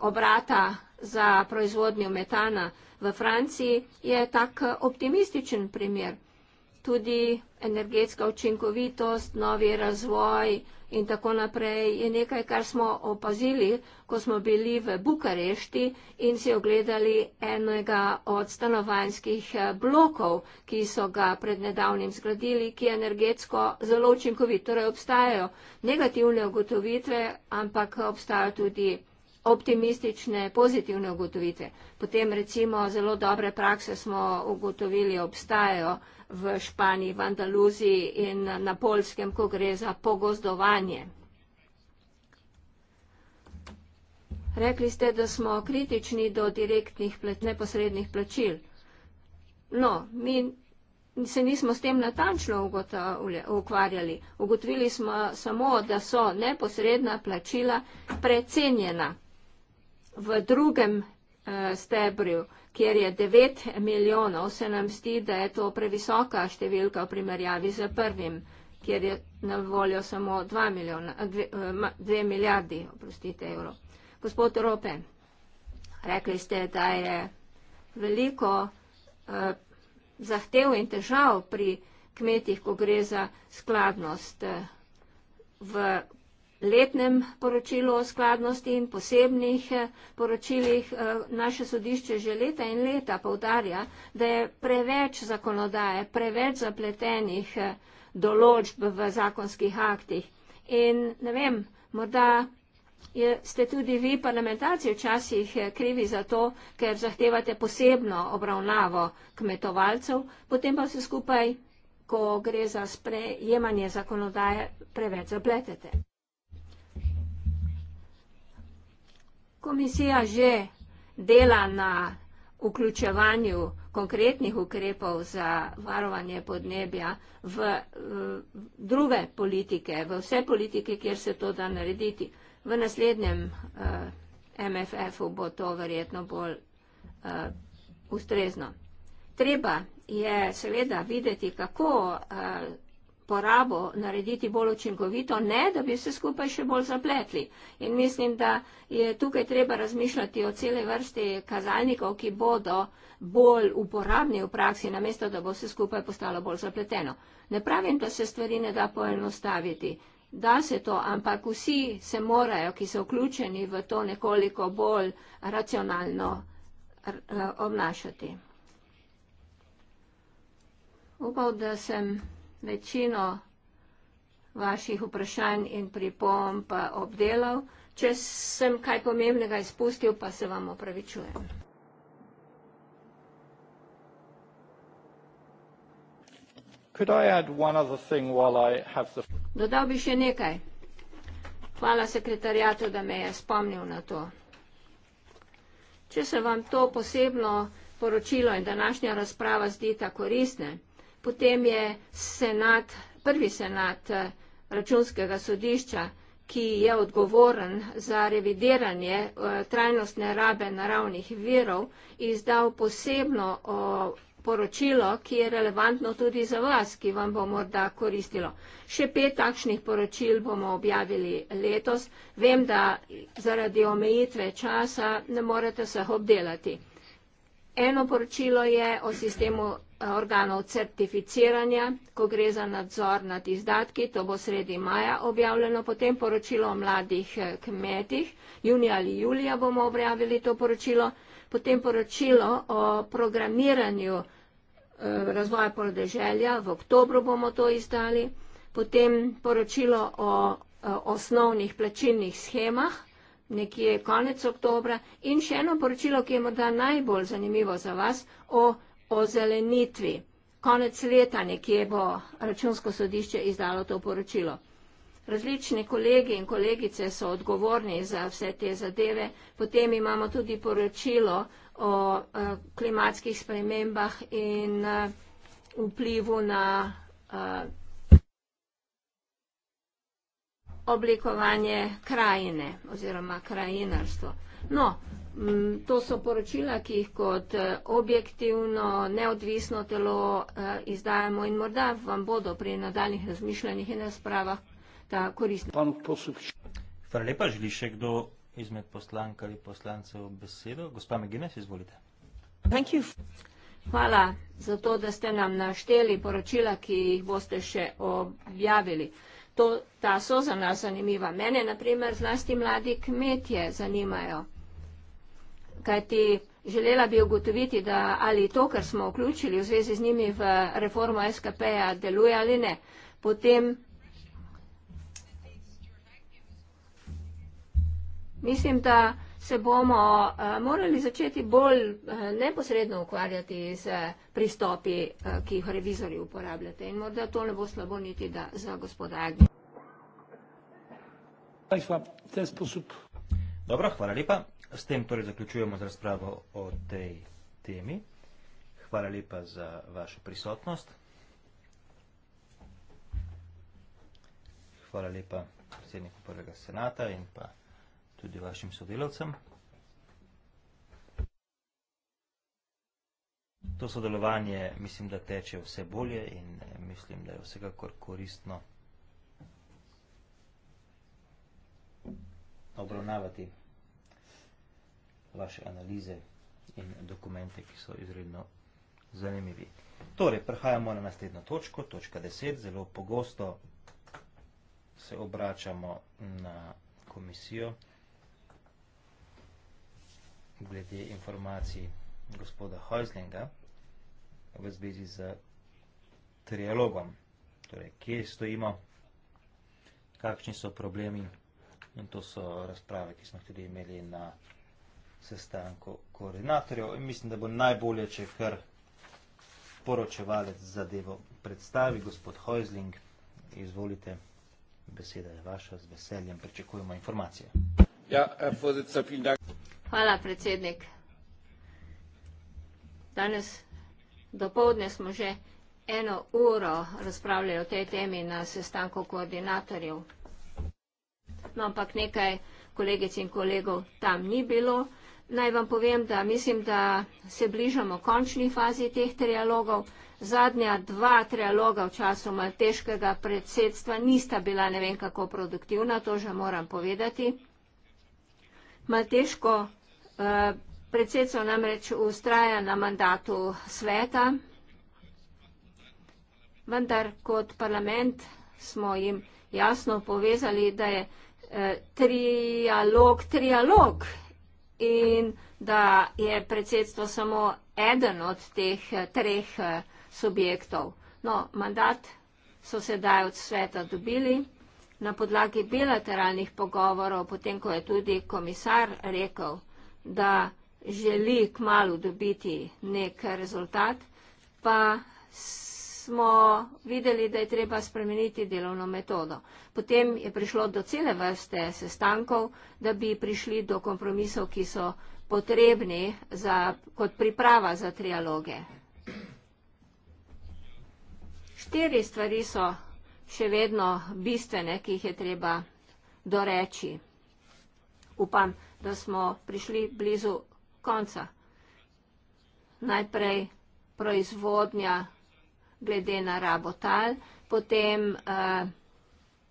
C: obrata za proizvodnjo metana v Franciji je tak optimističen primer. Tudi energetska učinkovitost, novi razvoj, in tako naprej, je nekaj, kar smo opazili, ko smo bili v Bukarešti in si ogledali enega od stanovanjskih eh, blokov, ki so ga pred nedavnim zgradili, ki je energetsko zelo učinkovit. Torej obstajajo negativne ugotovitve, ampak obstajajo tudi optimistične, pozitivne ugotovitve. Potem recimo zelo dobre prakse smo ugotovili, obstajajo v Španiji, v Andaluziji in na Polskem, ko gre za pogozdovanje. Rekli ste, da smo kritični do direktnih neposrednih plačil. No, mi se nismo s tem natančno ukvarjali. Ugotovili smo samo, da so neposredna plačila precenjena v drugem eh, stebrju kjer je 9 milijonov, se nam zdi, da je to previsoka številka v primerjavi z prvim, kjer je na voljo samo 2, milijona, 2, 2 eh, milijardi evrov. Gospod Rope, rekli ste, da je veliko eh, zahtev in težav pri kmetih, ko gre za skladnost eh, v letnem poročilu o skladnosti in posebnih eh, poročilih eh, naše sodišče že leta in leta povdarja, da je preveč zakonodaje, preveč zapletenih eh, določb v zakonskih aktih. In ne vem, morda je, ste tudi vi parlamentarci včasih krivi za to, ker zahtevate posebno obravnavo kmetovalcev, potem pa se skupaj, ko gre za sprejemanje zakonodaje, preveč zapletete. Komisija že dela na vključevanju konkretnih ukrepov za varovanje podnebja v, v eh, druge politike, v vse politike, kjer se to da narediti. V naslednjem eh, MFF-u bo to verjetno bolj eh, ustrezno. Treba je seveda videti, kako eh, porabo narediti bolj učinkovito, ne da bi vse skupaj še bolj zapletli. In mislim, da je tukaj treba razmišljati o cele vrsti kazalnikov, ki bodo bolj uporabni v praksi, namesto da bo vse skupaj postalo bolj zapleteno. Ne pravim, da se stvari ne da poenostaviti. Da se to, ampak vsi se morajo, ki so vključeni v to nekoliko bolj racionalno obnašati. Upal, da sem večino vaših vprašanj in pripomb pa obdelal. Če sem kaj pomembnega izpustil, pa se vam opravičujem.
B: Could I add one other thing while I have the...
C: Dodal bi še nekaj. Hvala sekretarjatu, da me je spomnil na to. Če se vam to posebno poročilo in današnja razprava zdita koristne, Potem je senat, prvi senat eh, računskega sodišča, ki je odgovoren za revidiranje eh, trajnostne rabe naravnih virov, izdal posebno poročilo, ki je relevantno tudi za vas, ki vam bo morda koristilo. Še pet takšnih poročil bomo objavili letos. Vem, da zaradi omejitve časa ne morete se obdelati. Eno poročilo je o sistemu eh, organov certificiranja, ko gre za nadzor nad izdatki, to bo sredi maja objavljeno, potem poročilo o mladih eh, kmetih, junija ali julija bomo objavili to poročilo, potem poročilo o programiranju eh, razvoja podeželja, v oktobru bomo to izdali, potem poročilo o osnovnih plačilnih schemah, nekje konec oktobra. In še eno poročilo, ki je morda najbolj zanimivo za vas, o ozelenitvi. Konec leta nekje bo računsko sodišče izdalo to poročilo. Različni kolegi in kolegice so odgovorni za vse te zadeve. Potem imamo tudi poročilo o eh, klimatskih spremembah in eh, vplivu na eh, oblikovanje krajine oziroma krajinarstvo. No, to so poročila, ki jih kot eh, objektivno, neodvisno telo eh, izdajamo in morda vam bodo pri nadaljnih razmišljanjih in razpravah ta koristna. Pan
A: Posupič. Hvala lepa. Želi še kdo izmed poslank ali poslancev besedo? Gospa Meginas, izvolite.
C: Thank you. Hvala za to, da ste nam našteli poročila, ki jih boste še objavili to, ta so za nas zanimiva. Mene, naprimer, zlasti mladi kmetje zanimajo. Kajti želela bi ugotoviti, da ali to, kar smo vključili v zvezi z njimi v reformo SKP-ja, deluje ali ne. Potem mislim, da se bomo eh, morali začeti bolj eh, neposredno ukvarjati z eh, pristopi, ki jih revizori uporabljate. In morda to ne bo slabo niti da za gospoda Agnija.
A: Dobro, hvala lepa. S tem torej zaključujemo z razpravo o tej temi. Hvala lepa za vašo prisotnost. Hvala lepa predsedniku prvega senata in pa tudi vašim sodelavcem. To sodelovanje mislim, da teče vse bolje in eh, mislim, da je vsekakor koristno obravnavati vaše analize in dokumente, ki so izredno zanimivi. Torej, prehajamo na naslednjo točko, točka 10. Zelo pogosto se obračamo na komisijo glede informacij gospoda Hojslinga v zvezi z trialogom. Torej, kje stojimo, kakšni so problemi in to so razprave, ki smo jih tudi imeli na sestanku koordinatorjev. In mislim, da bo najbolje, če kar poročevalec zadevo predstavi, gospod Hojsling, izvolite, beseda je vaša, z veseljem pričakujemo informacije.
C: Ja, vodica, fin dag. Hvala, predsednik. Danes dopovdne smo že eno uro razpravljali o tej temi na sestanku koordinatorjev. No, ampak nekaj kolegic in kolegov tam ni bilo. Naj vam povem, da mislim, da se bližamo končni fazi teh trialogov. Zadnja dva trialoga v času malteškega predsedstva nista bila ne vem kako produktivna, to že moram povedati. Malteško Predsedstvo namreč vztraja na mandatu sveta, vendar kot parlament smo jim jasno povezali, da je eh, trialog trialog in da je predsedstvo samo eden od teh eh, treh eh, subjektov. No, mandat so sedaj od sveta dobili na podlagi bilateralnih pogovorov, potem ko je tudi komisar rekel, da želi kmalo dobiti nek rezultat, pa smo videli, da je treba spremeniti delovno metodo. Potem je prišlo do cele vrste sestankov, da bi prišli do kompromisov, ki so potrebni za, kot priprava za trialoge. Štiri stvari so še vedno bistvene, ki jih je treba doreči upam, da smo prišli blizu konca. Najprej proizvodnja glede na rabo tal, potem eh,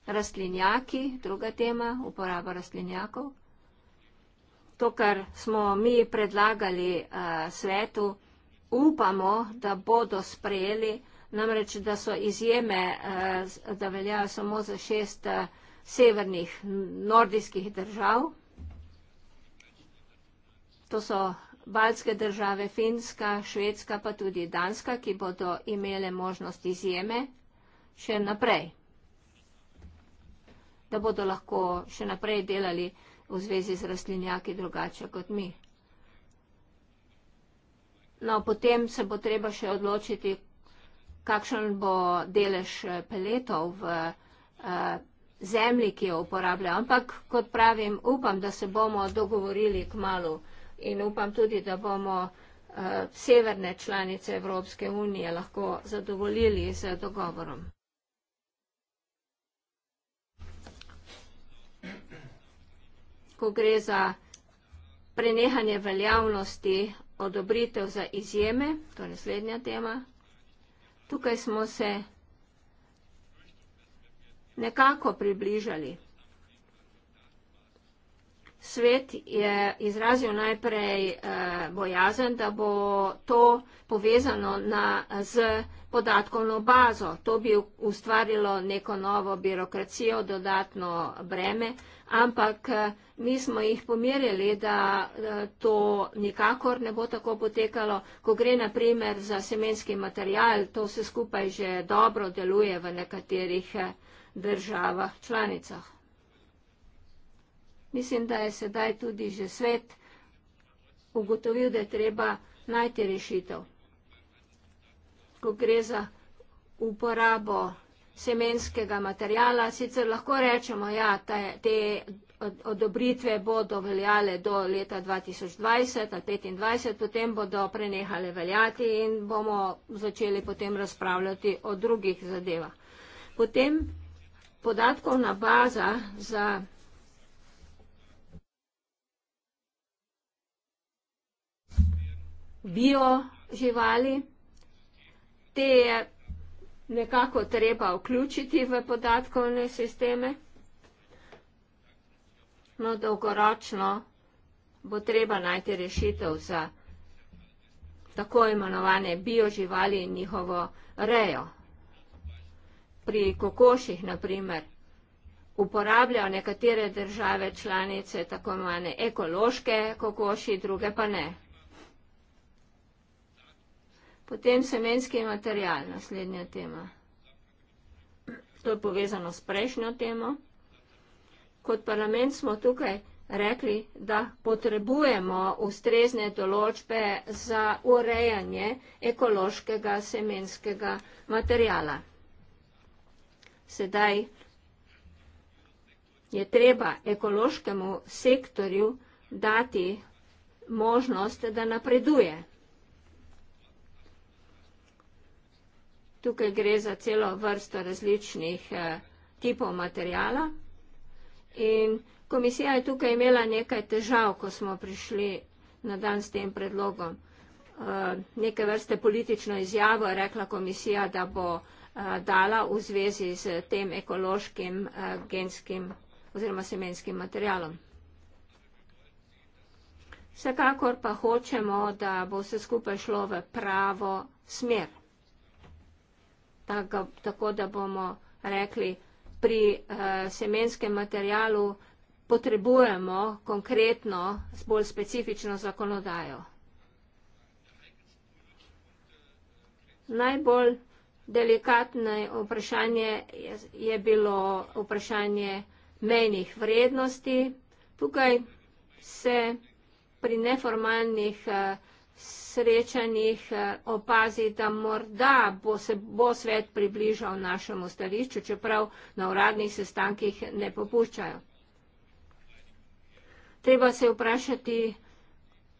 C: rastlinjaki, druga tema, uporaba rastlinjakov. To, kar smo mi predlagali eh, svetu, upamo, da bodo sprejeli, namreč, da so izjeme, eh, da veljajo samo za šest eh, severnih nordijskih držav. To so baltske države Finska, Švedska, pa tudi Danska, ki bodo imele možnost izjeme še naprej, da bodo lahko še naprej delali v zvezi z rastlinjaki drugače kot mi. No, potem se bo treba še odločiti, kakšen bo delež peletov v eh, zemlji, ki jo uporabljajo. Ampak, kot pravim, upam, da se bomo dogovorili k malu in upam tudi, da bomo eh, severne članice Evropske unije lahko zadovoljili z dogovorom. Ko gre za prenehanje veljavnosti odobritev za izjeme, to je naslednja tema, tukaj smo se nekako približali svet je izrazil najprej eh, bojazen, da bo to povezano na, z podatkovno bazo. To bi ustvarilo neko novo birokracijo, dodatno breme, ampak eh, mi smo jih pomirjali, da eh, to nikakor ne bo tako potekalo. Ko gre na primer za semenski material, to vse skupaj že dobro deluje v nekaterih državah članicah. Mislim, da je sedaj tudi že svet ugotovil, da je treba najti rešitev. Ko gre za uporabo semenskega materijala, sicer lahko rečemo, ja, te odobritve bodo veljale do leta 2020 ali 2025, potem bodo prenehale veljati in bomo začeli potem razpravljati o drugih zadevah. Potem podatkovna baza za bio živali. Te je nekako treba vključiti v podatkovne sisteme. No, dolgoročno bo treba najti rešitev za tako imenovane bio živali in njihovo rejo. Pri kokoših, naprimer, uporabljajo nekatere države članice tako imenovane ekološke kokoši, druge pa ne. Potem semenski material, naslednja tema. To je povezano s prejšnjo temo. Kot parlament smo tukaj rekli, da potrebujemo ustrezne določbe za urejanje ekološkega semenskega materijala. Sedaj je treba ekološkemu sektorju dati možnost, da napreduje. Tukaj gre za celo vrsto različnih eh, tipov materijala. In komisija je tukaj imela nekaj težav, ko smo prišli na dan s tem predlogom. Eh, neke vrste politično izjavo je rekla komisija, da bo eh, dala v zvezi z tem ekološkim genskim oziroma semenskim materialom. Vsekakor pa hočemo, da bo vse skupaj šlo v pravo smer tako, tako da bomo rekli, pri uh, semenskem materialu potrebujemo konkretno, bolj specifično zakonodajo. Najbolj delikatno vprašanje je bilo vprašanje menjih vrednosti. Tukaj se pri neformalnih uh, srečanjih eh, opazi, da morda bo se bo svet približal našemu stališču, čeprav na uradnih sestankih ne popuščajo. Treba se vprašati,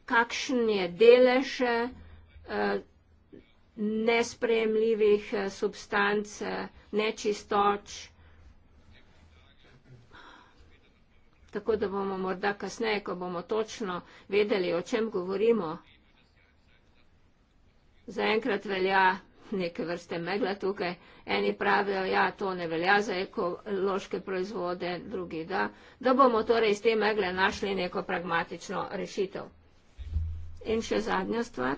C: kakšen je delež eh, nesprejemljivih eh, substanc, nečistoč, tako da bomo morda kasneje, ko bomo točno vedeli, o čem govorimo, zaenkrat velja neke vrste megla tukaj. Eni pravijo, ja, to ne velja za ekološke proizvode, drugi da. Da bomo torej iz te megle našli neko pragmatično rešitev. In še zadnja stvar.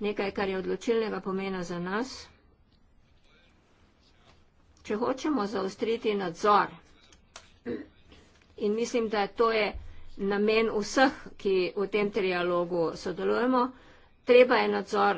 C: Nekaj, kar je odločilnega pomena za nas. Če hočemo zaostriti nadzor, in mislim, da to je namen vseh, ki v tem trialogu sodelujemo, treba je nadzor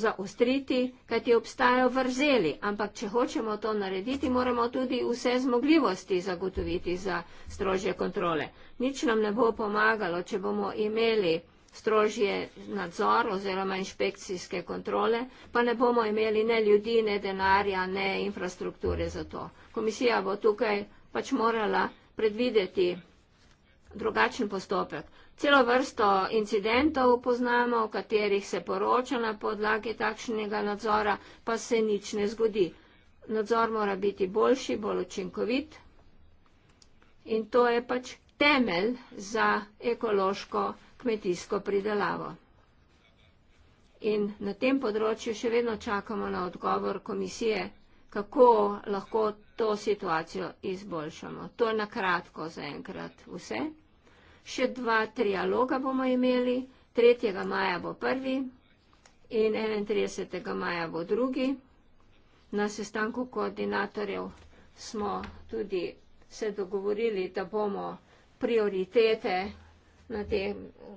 C: zaostriti, kajti obstajajo vrzeli, ampak če hočemo to narediti, moramo tudi vse zmogljivosti zagotoviti za strožje kontrole. Nič nam ne bo pomagalo, če bomo imeli strožje nadzor oziroma inšpekcijske kontrole, pa ne bomo imeli ne ljudi, ne denarja, ne infrastrukture za to. Komisija bo tukaj pač morala predvideti drugačen postopek. Celo vrsto incidentov poznamo, v katerih se poroča na podlagi takšnega nadzora, pa se nič ne zgodi. Nadzor mora biti boljši, bolj učinkovit in to je pač temelj za ekološko kmetijsko pridelavo. In na tem področju še vedno čakamo na odgovor komisije, kako lahko to situacijo izboljšamo. To je nakratko za enkrat vse še dva trialoga bomo imeli, 3. maja bo prvi in 31. maja bo drugi. Na sestanku koordinatorjev smo tudi se dogovorili, da bomo prioritete te,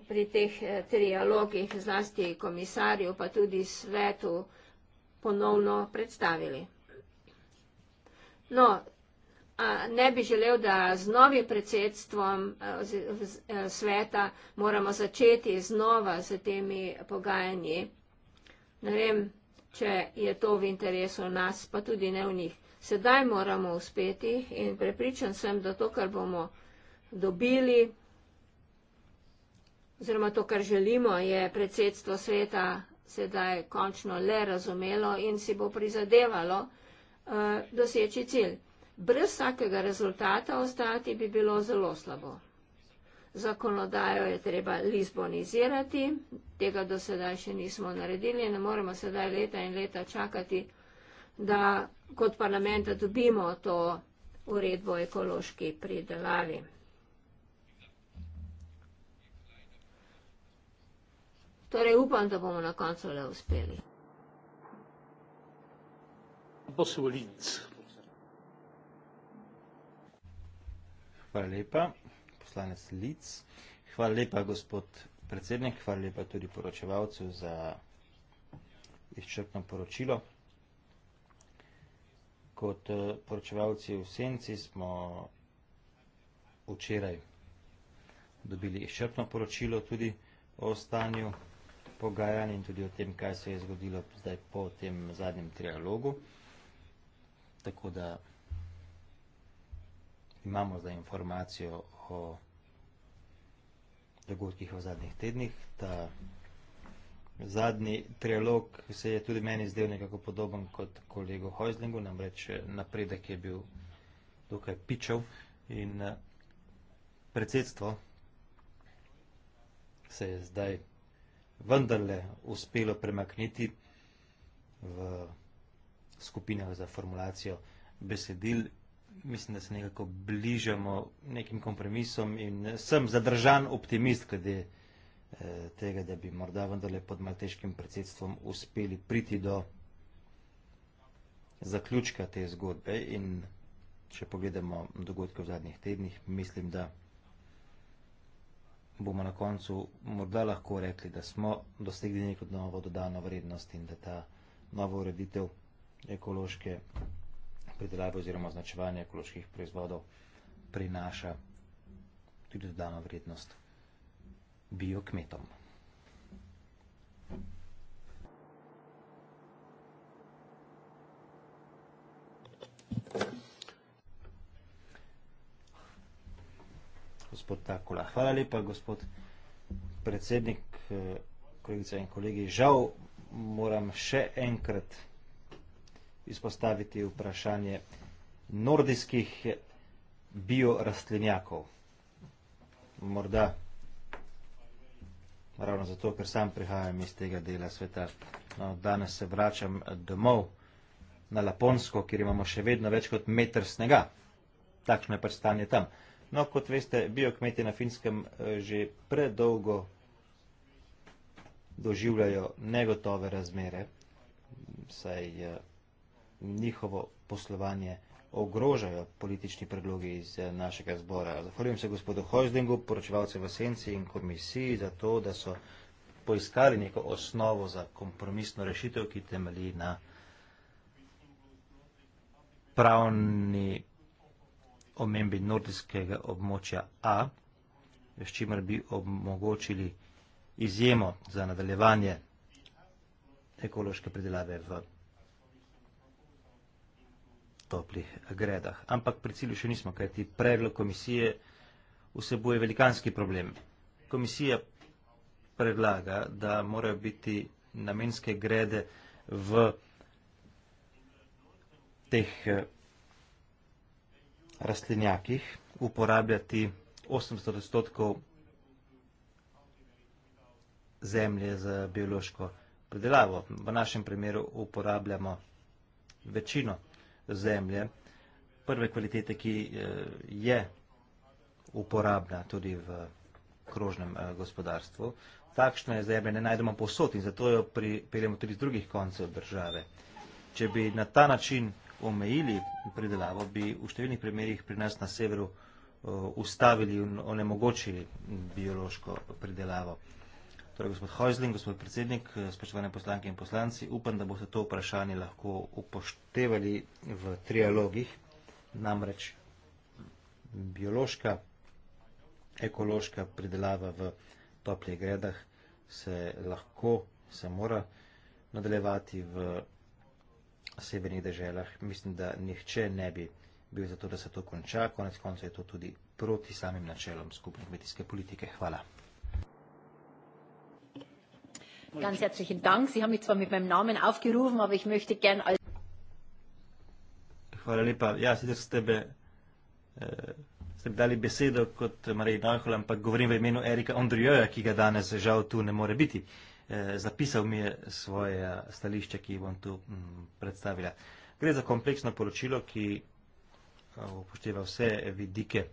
C: pri teh eh, trialogih zlasti komisarju, pa tudi svetu ponovno predstavili. No, ne bi želel, da z novim predsedstvom eh, eh, sveta moramo začeti znova z temi pogajanji. Ne vem, če je to v interesu nas, pa tudi ne v njih. Sedaj moramo uspeti in prepričan sem, da to, kar bomo dobili, oziroma to, kar želimo, je predsedstvo sveta sedaj končno le razumelo in si bo prizadevalo uh, doseči cilj brez vsakega rezultata ostati bi bilo zelo slabo. Zakonodajo je treba lizbonizirati, tega do sedaj še nismo naredili, ne moremo sedaj leta in leta čakati, da kot parlament dobimo to uredbo ekološki pridelavi. Torej upam, da bomo na koncu le uspeli.
A: Posvolite. Hvala lepa, poslanec Lic. Hvala lepa, gospod predsednik. Hvala lepa tudi poročevalcu za izčrpno poročilo. Kot eh, poročevalci v Senci smo včeraj dobili izčrpno poročilo tudi o stanju pogajanj in tudi o tem, kaj se je zgodilo zdaj po tem zadnjem trialogu. Tako da imamo zdaj informacijo o dogodkih v zadnjih tednih. Ta zadnji trialog se je tudi meni zdel nekako podoben kot kolego Hojzlingu, namreč eh, napredek je bil dokaj pičev in eh, predsedstvo se je zdaj vendarle uspelo premakniti v skupinah za formulacijo besedil mislim, da se nekako bližamo nekim kompromisom in sem zadržan optimist, glede eh, tega, da bi morda vendarle pod malteškim predsedstvom uspeli priti do zaključka te zgodbe in če pogledamo dogodke v zadnjih tednih, mislim, da bomo na koncu morda lahko rekli, da smo dosegli neko novo dodano vrednost in da ta nova ureditev ekološke predelave oziroma označevanje ekoloških proizvodov prinaša tudi dodano vrednost biokmetom. Gospod Takula, hvala lepa, gospod predsednik, eh, kolegice in kolegi. Žal moram še enkrat vrednosti izpostaviti vprašanje nordijskih biorastlinjakov. Morda ravno zato, ker sam prihajam iz tega dela sveta. No, danes se vračam domov na Laponsko, kjer imamo še vedno več kot meter snega. Takšno je pač stanje tam. No, kot veste, biokmeti na Finskem eh, že predolgo doživljajo negotove razmere, saj eh, njihovo poslovanje ogrožajo politični predlogi iz eh, našega zbora. Zahvaljujem se gospodu Hojzdingu, poročevalcu v Senci in komisiji za to, da so poiskali neko osnovo za kompromisno rešitev, ki temelji na pravni omembi nordijskega območja A, s čimer bi omogočili izjemo za nadaljevanje ekološke predelave v toplih gredah. Ampak pri cilju še nismo, kajti predlog komisije vsebuje velikanski problem. Komisija predlaga, da morajo biti namenske grede v teh eh, rastlinjakih uporabljati 800 odstotkov zemlje za biološko predelavo. V našem primeru uporabljamo večino zemlje zemlje, prve kvalitete, ki eh, je uporabna tudi v krožnem eh, gospodarstvu. Takšne zemlje ne najdemo posod in zato jo pripeljamo tudi z drugih koncev države. Če bi na ta način omejili pridelavo, bi v številnih primerjih pri nas na severu eh, ustavili in onemogočili biološko pridelavo. Torej, gospod Hojzlin, gospod predsednik, spoštovane poslanke in poslanci, upam, da boste to vprašanje lahko upoštevali v trialogih, namreč biološka, ekološka pridelava v toplih gredah se lahko, se mora nadaljevati v severnih deželah. Mislim, da nihče ne bi bil za to, da se to konča, konec konca je to tudi proti samim načelom skupne kmetijske politike. Hvala.
C: Ganz herzlichen Dank. Sie haben mich zwar mit meinem Namen aufgerufen, aber ich möchte gern als.
A: Hvala lepa. Ja, sicer ste me eh, dali besedo kot Marej Danhol, ampak govorim v imenu Erika Andrijoja, ki ga danes žal tu ne more biti. Eh, zapisal mi je svoje eh, stališče, ki bom tu hm, predstavila. Gre za kompleksno poročilo, ki eh, upošteva vse vidike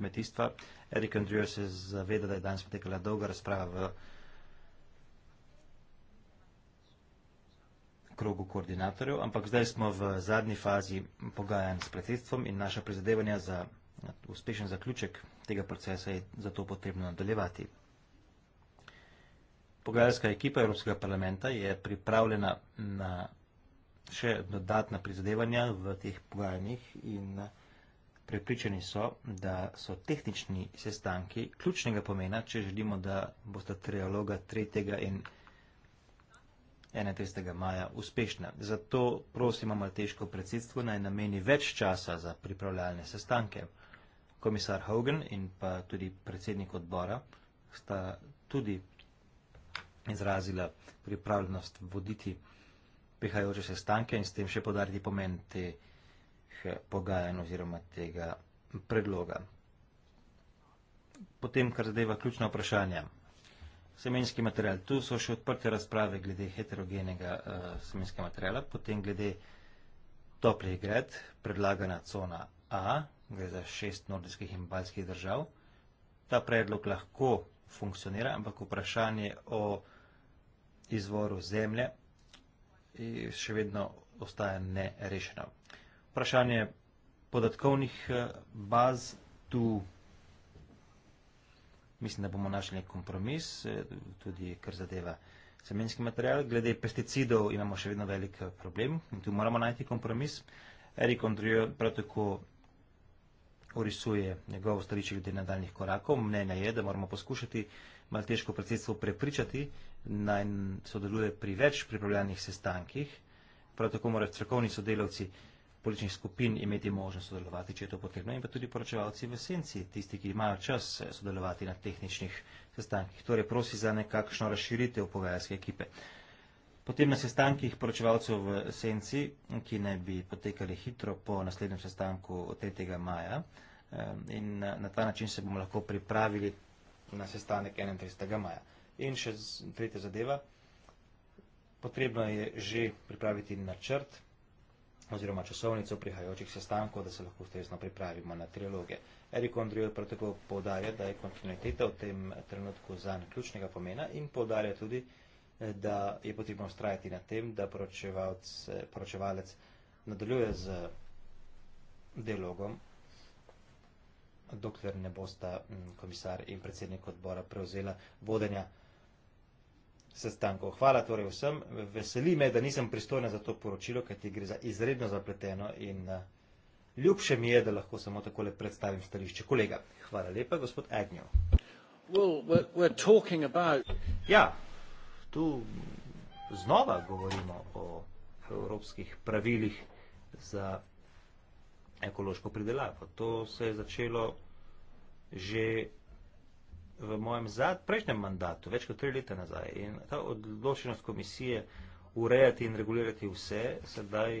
A: kmetijstva. Erika Andrijoja se zaveda, da je danes potekala dolga razprava v krogu koordinatorjev, ampak zdaj smo v zadnji fazi pogajanj s predsedstvom in naša prizadevanja za uspešen zaključek tega procesa je zato potrebno nadaljevati. Pogajalska ekipa Evropskega parlamenta je pripravljena na še dodatna prizadevanja v teh pogajanjih in prepričani so, da so tehnični sestanki ključnega pomena, če želimo, da bosta trialoga tretjega in 31. maja uspešna. Zato prosimo malteško predsedstvo naj nameni več časa za pripravljalne sestanke. Komisar Hogan in pa tudi predsednik odbora sta tudi izrazila pripravljenost voditi prihajajoče sestanke in s tem še podariti pomen teh pogajanj oziroma tega predloga. Potem, kar zadeva ključna vprašanja, semenski material. Tu so še odprte razprave glede heterogenega uh, eh, semenskega materiala, potem glede toplih gred, predlagana cona A, gre za šest nordijskih in baljskih držav. Ta predlog lahko funkcionira, ampak vprašanje o izvoru zemlje eh, še vedno ostaja nerešeno. Vprašanje podatkovnih eh, baz tu mislim, da bomo našli kompromis, eh, tudi kar zadeva semenski material. Glede pesticidov imamo še vedno velik eh, problem in tu moramo najti kompromis. Erik Andrijo prav tako orisuje njegovo stališče glede nadaljnih korakov. Mnenja je, da moramo poskušati malteško predsedstvo prepričati, naj sodeluje pri več pripravljanih sestankih. Prav tako morajo strokovni sodelavci pripravljati, političnih skupin imeti možnost sodelovati, če je to potrebno, in pa tudi poročevalci v senci, tisti, ki imajo čas eh, sodelovati na tehničnih sestankih. Torej, prosi za nekakšno razširitev pogajalske ekipe. Potem na sestankih poročevalcev v senci, ki naj bi potekali hitro po naslednjem sestanku 3. maja, eh, in na ta način se bomo lahko pripravili na sestanek 31. maja. In še tretja zadeva, potrebno je že pripraviti načrt, oziroma časovnico prihajajočih sestankov, da se lahko ustrezno pripravimo na triloge. Erik Ondrijo prav tako povdarja, da je kontinuiteta v tem trenutku zanj ključnega pomena in povdarja tudi, eh, da je potrebno ustrajati na tem, da eh, poročevalec nadaljuje z dialogom, dokler ne bosta mm, komisar in predsednik odbora prevzela vodenja sestankov. Hvala torej vsem. Veseli me, da nisem pristojna za to poročilo, kaj ti gre za izredno zapleteno in eh, ljubše mi je, da lahko samo takole predstavim stališče kolega. Hvala lepa, gospod Agnew. Well, we're,
B: we're talking about...
A: Ja, tu znova govorimo o evropskih pravilih za ekološko pridelavo. To se je začelo že v mojem zad, prejšnjem mandatu, več kot tri leta nazaj. In ta odločenost komisije urejati in regulirati vse, sedaj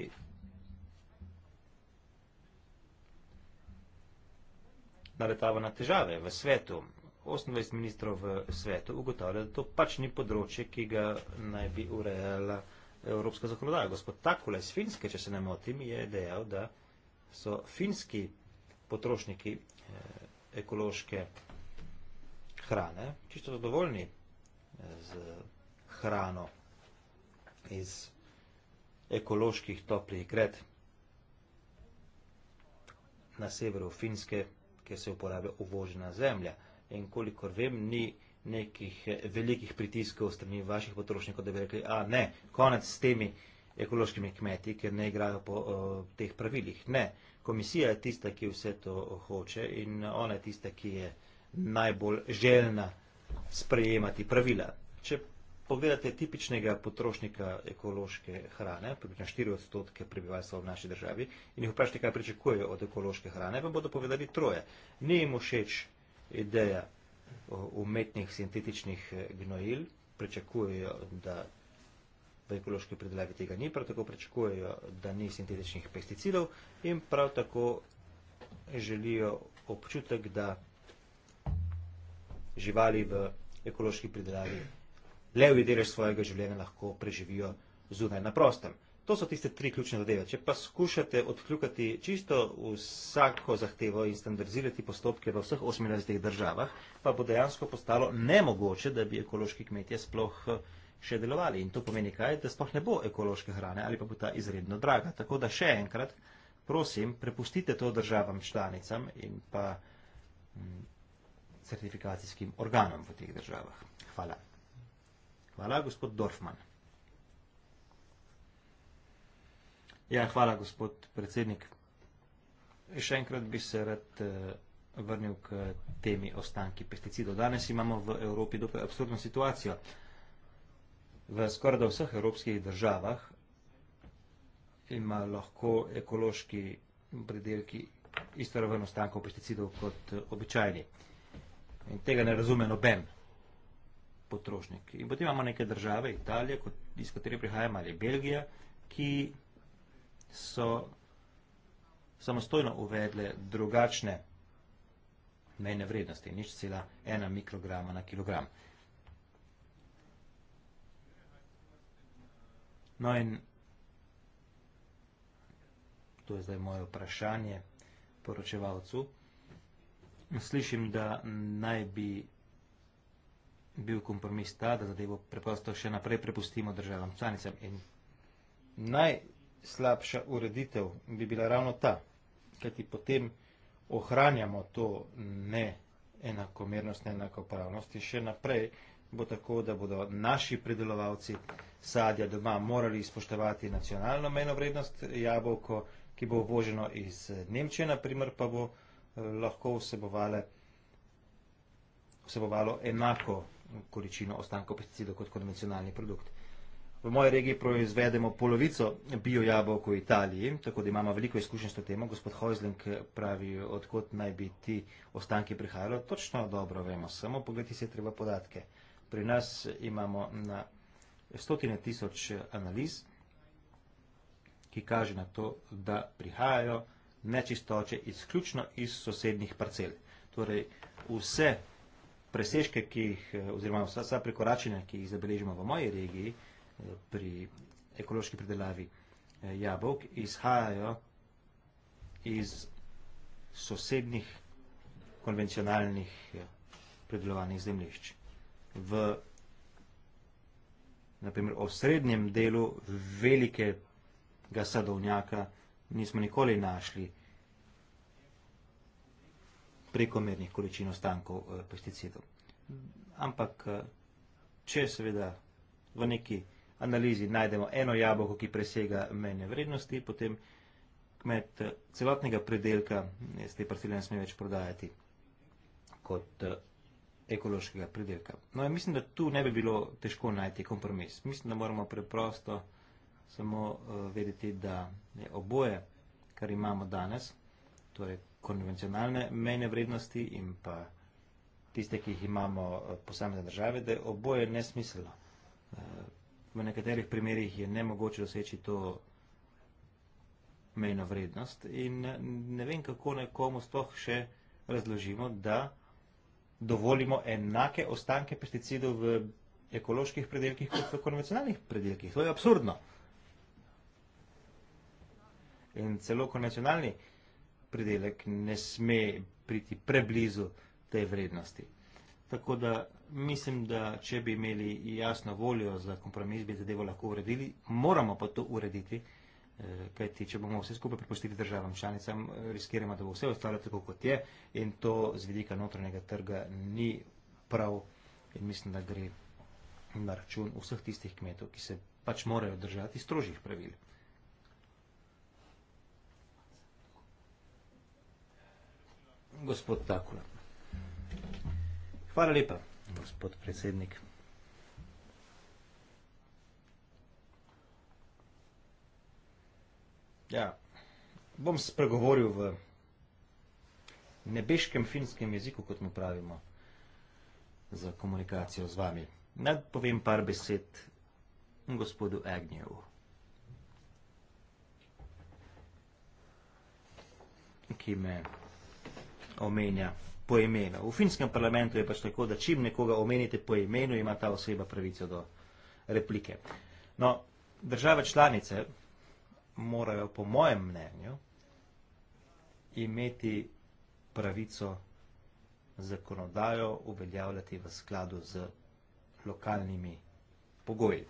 A: naletava na težave v svetu. 28 ministrov v svetu ugotavlja, da to pač ni področje, ki ga naj bi urejala evropska zakonodaja. Gospod Takule iz Finske, če se ne motim, je dejal, da so finski potrošniki eh, ekološke hrane, čisto zadovoljni eh, z hrano iz ekoloških toplih gred na severu Finske, kjer se uporablja uvožena zemlja. In kolikor vem, ni nekih eh, velikih pritiskov strani vaših potrošnikov, da bi rekli, a ne, konec s temi ekološkimi kmeti, ker ne igrajo po o, eh, teh pravilih. Ne, komisija je tista, ki vse to hoče in ona je tista, ki je uh, najbolj željna sprejemati pravila. Če pogledate tipičnega potrošnika ekološke hrane, približno 4 odstotke prebivalstva v naši državi, in jih vprašate, kaj pričakujejo od ekološke hrane, vam bodo povedali troje. Ni jim všeč ideja umetnih sintetičnih eh, gnojil, pričakujejo, da v ekološki predelavi tega ni, prav tako pričakujejo, da ni sintetičnih pesticidov in prav tako želijo občutek, da živali v ekološki pridelavi, levji delež svojega življenja lahko preživijo zunaj na prostem. To so tiste tri ključne zadeve. Če pa skušate odkljukati čisto vsako zahtevo in standardizirati postopke v vseh 18 državah, pa bo dejansko postalo nemogoče, da bi ekološki kmetje sploh eh, še delovali. In to pomeni kaj, da sploh ne bo ekološke hrane ali pa bo ta izredno draga. Tako da še enkrat, prosim, prepustite to državam članicam in pa mm, certifikacijskim organom v teh državah. Hvala. Hvala, gospod Dorfman. Ja, hvala, gospod predsednik. Še enkrat bi se rad eh, vrnil k temi ostanki pesticidov. Danes imamo v Evropi dokaj absurdno situacijo. V skoraj da vseh evropskih državah ima lahko ekološki predelki isto raven ostankov pesticidov kot eh, običajni. In tega ne razume noben potrošnik. In potem imamo neke države, Italija, kot, iz katere prihajamo, ali Belgija, ki so samostojno uvedle drugačne mejne vrednosti, nič cela ena mikrograma na kilogram. No in to je zdaj moje vprašanje poročevalcu. Slišim, da naj bi bil kompromis ta, da zadevo preprosto še naprej prepustimo državam članicam. In najslabša ureditev bi bila ravno ta, kajti potem ohranjamo to neenakomernost, neenakopravnost in še naprej bo tako, da bodo naši predelovalci sadja doma morali spoštovati nacionalno menovrednost jabolko, ki bo uvoženo iz Nemčije, naprimer pa bo lahko vsebovale vsebovalo enako količino ostankov pesticidov kot konvencionalni produkt. V moji regiji proizvedemo polovico bio jabolk v Italiji, tako da imamo veliko izkušenj s to temo. Gospod Hojzling pravi, odkot naj bi ti ostanki prihajalo, točno dobro vemo, samo pogledati se treba podatke. Pri nas imamo na stotine tisoč analiz, ki kaže na to, da prihajajo nečistoče izključno iz sosednih parcel. Torej, vse presežke, ki jih, eh, oziroma vsa, vsa prekoračenja, ki jih zabeležimo v moji regiji eh, pri ekološki predelavi eh, jabolk, izhajajo iz sosednih konvencionalnih predelovanih zemljišč. V naprimer, osrednjem delu velikega sadovnjaka nismo nikoli našli prekomernih količin ostankov eh, pesticidov. Ampak, eh, če seveda v neki analizi najdemo eno jabolko, ki presega menje vrednosti, potem med eh, celotnega predelka eh, s te parcele ne sme več prodajati kot ekološkega predelka. No, ja mislim, da tu ne bi bilo težko najti kompromis. Mislim, da moramo preprosto samo eh, vedeti, da je oboje, kar imamo danes, torej konvencionalne mejne vrednosti in pa tiste, ki jih imamo eh, posamezne države, da je oboje nesmiselno. Eh, v nekaterih primerjih je nemogoče doseči to mejno vrednost in ne vem, kako nekomu sploh še razložimo, da dovolimo enake ostanke pesticidov v ekoloških predelkih kot v konvencionalnih predelkih. To je absurdno in celo konvencionalni pridelek ne sme priti preblizu te vrednosti. Tako da mislim, da če bi imeli jasno voljo za kompromis, bi zadevo lahko uredili, moramo pa to urediti, eh, kajti če bomo vse skupaj prepustili državam članicam, eh, riskiramo, da bo vse ostalo tako, kot je in to z vidika notranjega trga ni prav in mislim, da gre na račun vseh tistih kmetov, ki se pač morajo držati strožjih pravil. gospod Takula. Hvala lepa. Gospod predsednik. Ja, bom spregovoril v nebeškem finskem jeziku, kot mu pravimo, za komunikacijo z vami. Naj povem par besed gospodu Agnjevu. ki me omenja po imenu. V finskem parlamentu je pač tako, da čim nekoga omenite po imenu, ima ta oseba pravico do replike. No, države članice morajo po mojem mnenju imeti pravico zakonodajo uveljavljati v skladu z lokalnimi pogoji.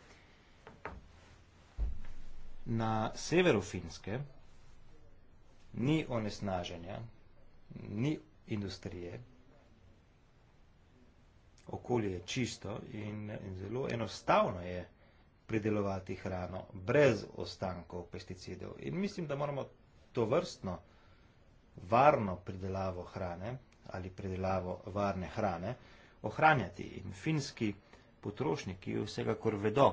A: Na severu Finske ni onesnaženja, ni industrije, okolje je čisto in, in zelo enostavno je pridelovati hrano brez ostankov pesticidov. In mislim, da moramo to vrstno varno pridelavo hrane ali pridelavo varne hrane ohranjati. In finski potrošniki vsekakor vedo,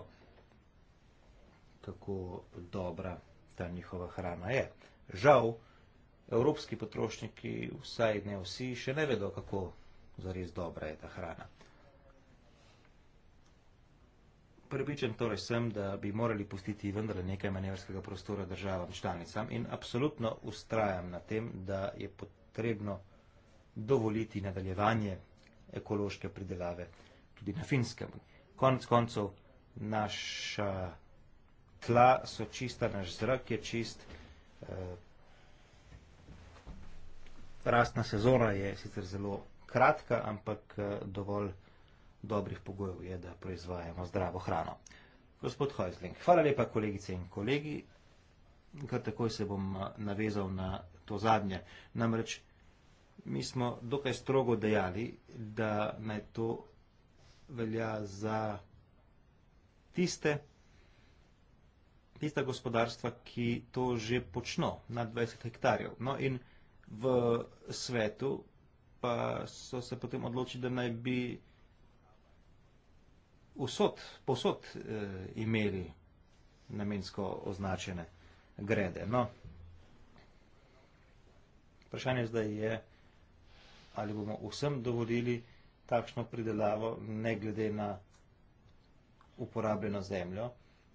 A: kako dobra ta njihova hrana je. Žal, evropski potrošniki, vsaj ne vsi, še ne vedo, kako zares dobra je ta hrana. Prvičen torej sem, da bi morali pustiti vendar nekaj manevrskega prostora državam članicam in absolutno ustrajam na tem, da je potrebno dovoliti nadaljevanje ekološke pridelave tudi na finskem. Konec koncov naša tla so čista, naš zrak je čist, eh, rastna sezona je sicer zelo kratka, ampak eh, dovolj dobrih pogojev je, da proizvajamo zdravo hrano. Gospod Heusling, hvala lepa kolegice in kolegi, kar takoj se bom eh, navezal na to zadnje. Namreč mi smo dokaj strogo dejali, da naj to velja za tiste, tista gospodarstva, ki to že počno, na 20 hektarjev. No in v svetu, pa so se potem odločili, da naj bi vsod, posod eh, imeli namensko označene grede. No. Vprašanje zdaj je, ali bomo vsem dovolili takšno pridelavo, ne glede na uporabljeno zemljo.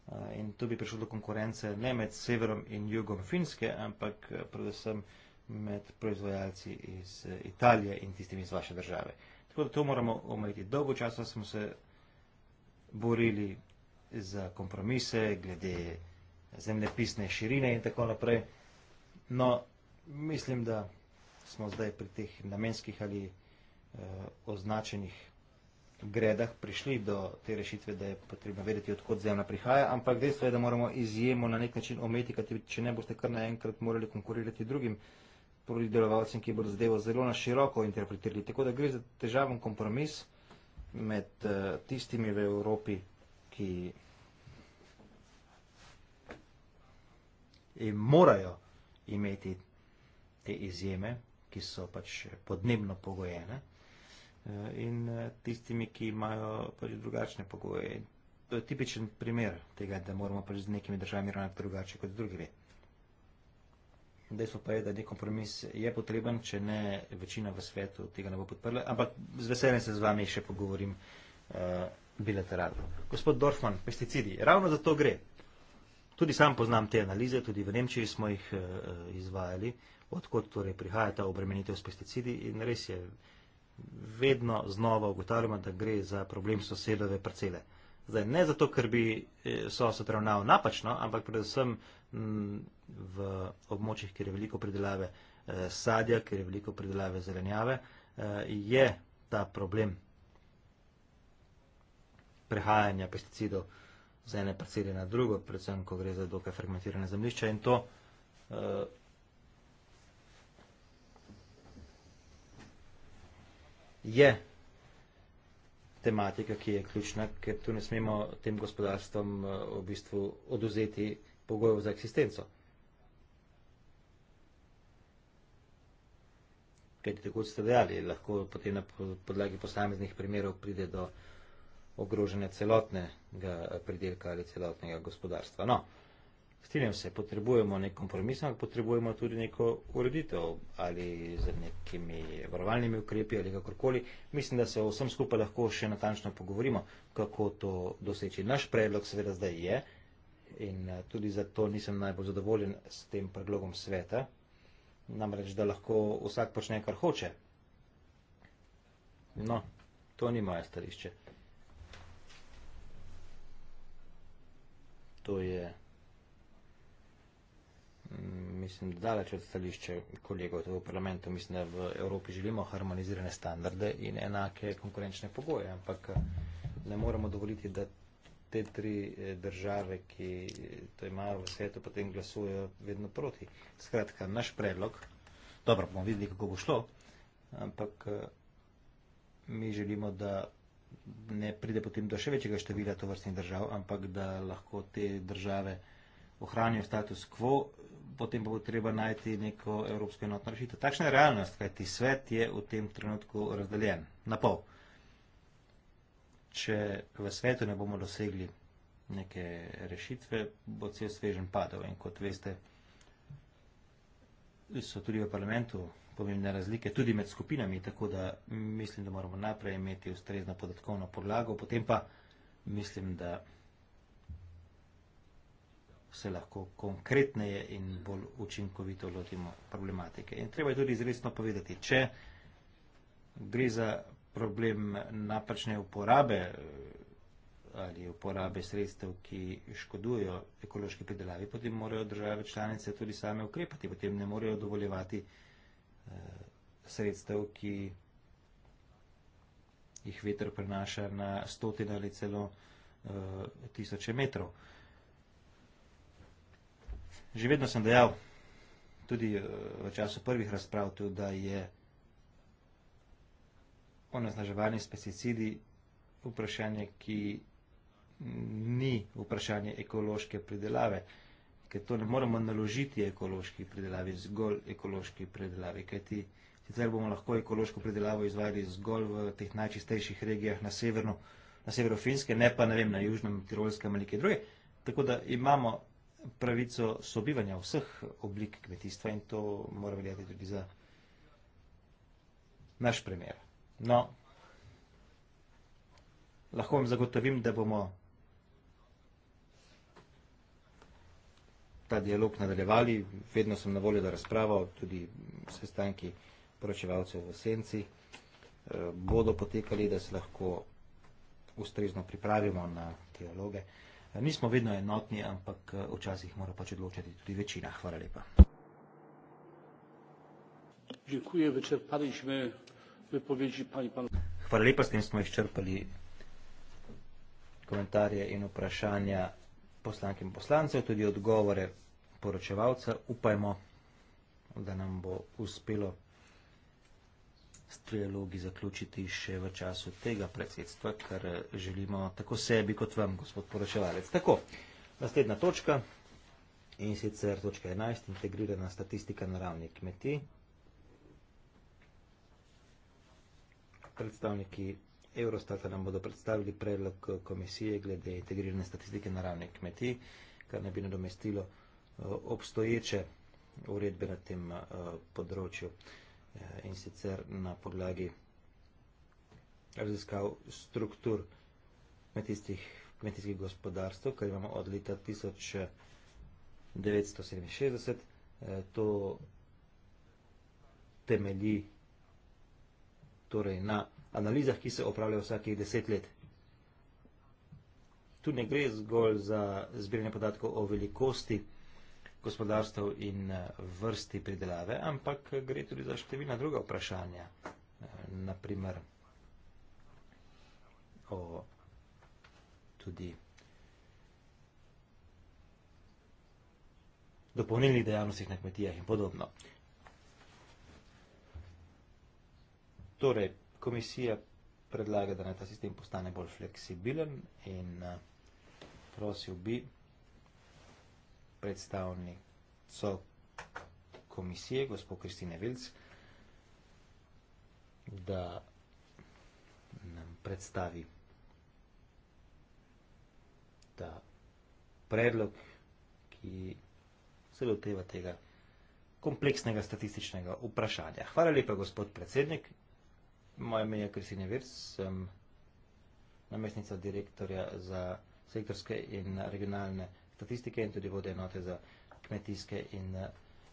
A: Eh, in tu bi prišlo do konkurence ne med severom in jugom Finske, ampak eh, predvsem eh, med proizvajalci iz eh, Italije in tistimi iz vaše države. Tako da to moramo omejiti. Dolgo časa smo se borili za kompromise glede zemljepisne širine in tako naprej. No, mislim, da smo zdaj pri teh namenskih ali uh, označenih gredah prišli do te rešitve, da je potrebno vedeti, odkot zemlja prihaja, ampak dejstvo je, da moramo izjemo na nek način ometi, kajti če ne boste kar naenkrat morali konkurirati drugim prodelovalcem, ki bodo zadevo zelo na široko interpretirali. Tako da gre za težaven kompromis med uh, tistimi v Evropi, ki morajo imeti te izjeme, ki so pač podnebno pogojene. Eh, in eh, tistimi, ki imajo pač drugačne pogoje. To je tipičen primer tega, da moramo pač z nekimi državami ravnati drugače kot z drugimi. Dejstvo pa je, da nek kompromis je potreben, če ne večina v svetu tega ne bo podprla, ampak z veseljem se z vami še pogovorim uh, bilateralno. Gospod Dorfman, pesticidi, ravno za to gre. Tudi sam poznam te analize, tudi v Nemčiji smo jih uh, izvajali, odkot torej prihaja ta obremenitev s pesticidi in res je, uh, vedno znova ugotavljamo, da gre za problem sosedove parcele. Zdaj, ne zato, ker bi eh, sosed ravnal napačno, ampak predvsem mm, v območjih, kjer je veliko pridelave eh, sadja, kjer je veliko pridelave zelenjave, eh, je ta problem prehajanja pesticidov z ene parcele na drugo, predvsem, ko gre za dokaj fragmentirane zemlišče in to je tematika, ki je ključna, ker tu ne smemo tem gospodarstvom eh, v bistvu oduzeti pogojev za eksistenco. Kaj tako ste dejali, lahko potem na podlagi posameznih primerov pride do ogrožene celotnega pridelka ali celotnega gospodarstva. No, uh, Strinjam se, potrebujemo nek kompromis, ampak potrebujemo tudi neko ureditev ali z nekimi varovalnimi ukrepi ali kakorkoli. Mislim, da se o vsem skupaj lahko še natančno pogovorimo, kako to doseči. Naš predlog seveda zdaj je in eh, tudi zato nisem najbolj zadovoljen s tem predlogom sveta, namreč, da lahko vsak počne, kar hoče. No, to ni moje stališče. To je mislim, daleč od stališče kolegov v parlamentu, mislim, da v Evropi želimo harmonizirane standarde in enake konkurenčne pogoje, ampak eh, ne moremo dovoliti, da te tri eh, države, ki eh, to imajo v svetu, potem glasujejo vedno proti. Skratka, naš predlog, dobro, bomo videli, kako bo šlo, ampak mi želimo, da ne pride potem do še večjega števila tovrstnih držav, ampak da lahko te države ohranijo status quo, potem pa bo treba najti neko evropsko enotno rešitev. Takšna je realnost, kajti svet je v tem trenutku razdeljen na pol. Če v svetu ne bomo dosegli neke rešitve, bo cel svežen padel. In kot veste, so tudi v parlamentu pomembne razlike, tudi med skupinami, tako da mislim, da moramo najprej imeti ustrezno podatkovno podlago, potem pa mislim, da se lahko konkretneje in bolj učinkovito lotimo problematike. In treba je tudi izredno povedati, če gre za problem napačne uporabe eh, ali uporabe sredstev, ki škodujo ekološki pridelavi, potem morajo države članice tudi same ukrepati, potem ne morejo dovoljevati eh, sredstev, ki jih veter prenaša na stotine ali celo eh, tisoče metrov. Že vedno sem dejal, tudi eh, v času prvih razprav, tudi, da je onesnaževanje s pesticidi vprašanje, ki ni vprašanje ekološke pridelave, ker to ne moremo naložiti ekološki pridelavi, zgolj ekološki pridelavi, kaj ti sicer bomo lahko ekološko pridelavo izvajali zgolj v teh najčistejših regijah na severno, na severo Finske, ne pa, ne vem, na južnem Tirolskem ali kaj druge. Tako da imamo pravico sobivanja vseh oblik kmetijstva in to mora veljati tudi za naš primer. No, lahko vam zagotovim, da bomo ta dialog nadaljevali, vedno sem na voljo, da razpravo, tudi vse stanki poročevalcev v Senci eh, bodo potekali, da se lahko ustrezno pripravimo na dialoge. Nismo vedno enotni, ampak eh, včasih mora pač odločiti tudi večina. Hvala lepa. Dziękuję, wyczerpaliśmy wypowiedzi Pani Pan. Hvala lepa, s tem smo izčrpali komentarje in vprašanja poslank in poslancev, tudi odgovore poročevalca. Upajmo, da nam bo uspelo s trilogi zaključiti še v času tega predsedstva, kar želimo tako sebi kot vam, gospod poročevalec. Tako, naslednja točka in sicer točka 11, integrirana statistika na ravni kmetij. Predstavniki Eurostata nam bodo predstavili predlog komisije glede integrirane statistike na ravni kmetij, kar ne bi nadomestilo eh, obstoječe uredbe na tem eh, področju. Eh, in sicer na podlagi raziskav struktur kmetijskih, kmetijskih gospodarstv, kar imamo od leta 1967. Eh, to temelji torej na analizah, ki se opravljajo vsakih deset let. Tu ne gre zgolj za zbiranje podatkov o velikosti gospodarstv in eh, vrsti pridelave, ampak eh, gre tudi za številna druga vprašanja. Eh, Naprimer, o tudi dopolnilnih dejavnostih na kmetijah in podobno. Torej, komisija predlaga, da naj ta sistem postane bolj fleksibilen in prosil bi, predstavnico komisije, gospod Kristine Vilc, da nam predstavi ta predlog, ki se loteva tega kompleksnega statističnega vprašanja. Hvala lepa, gospod predsednik. Moje ime je Kristine Vilc, sem namestnica direktorja za sektorske in regionalne vprašanje statistike in tudi vode enote za kmetijske in eh,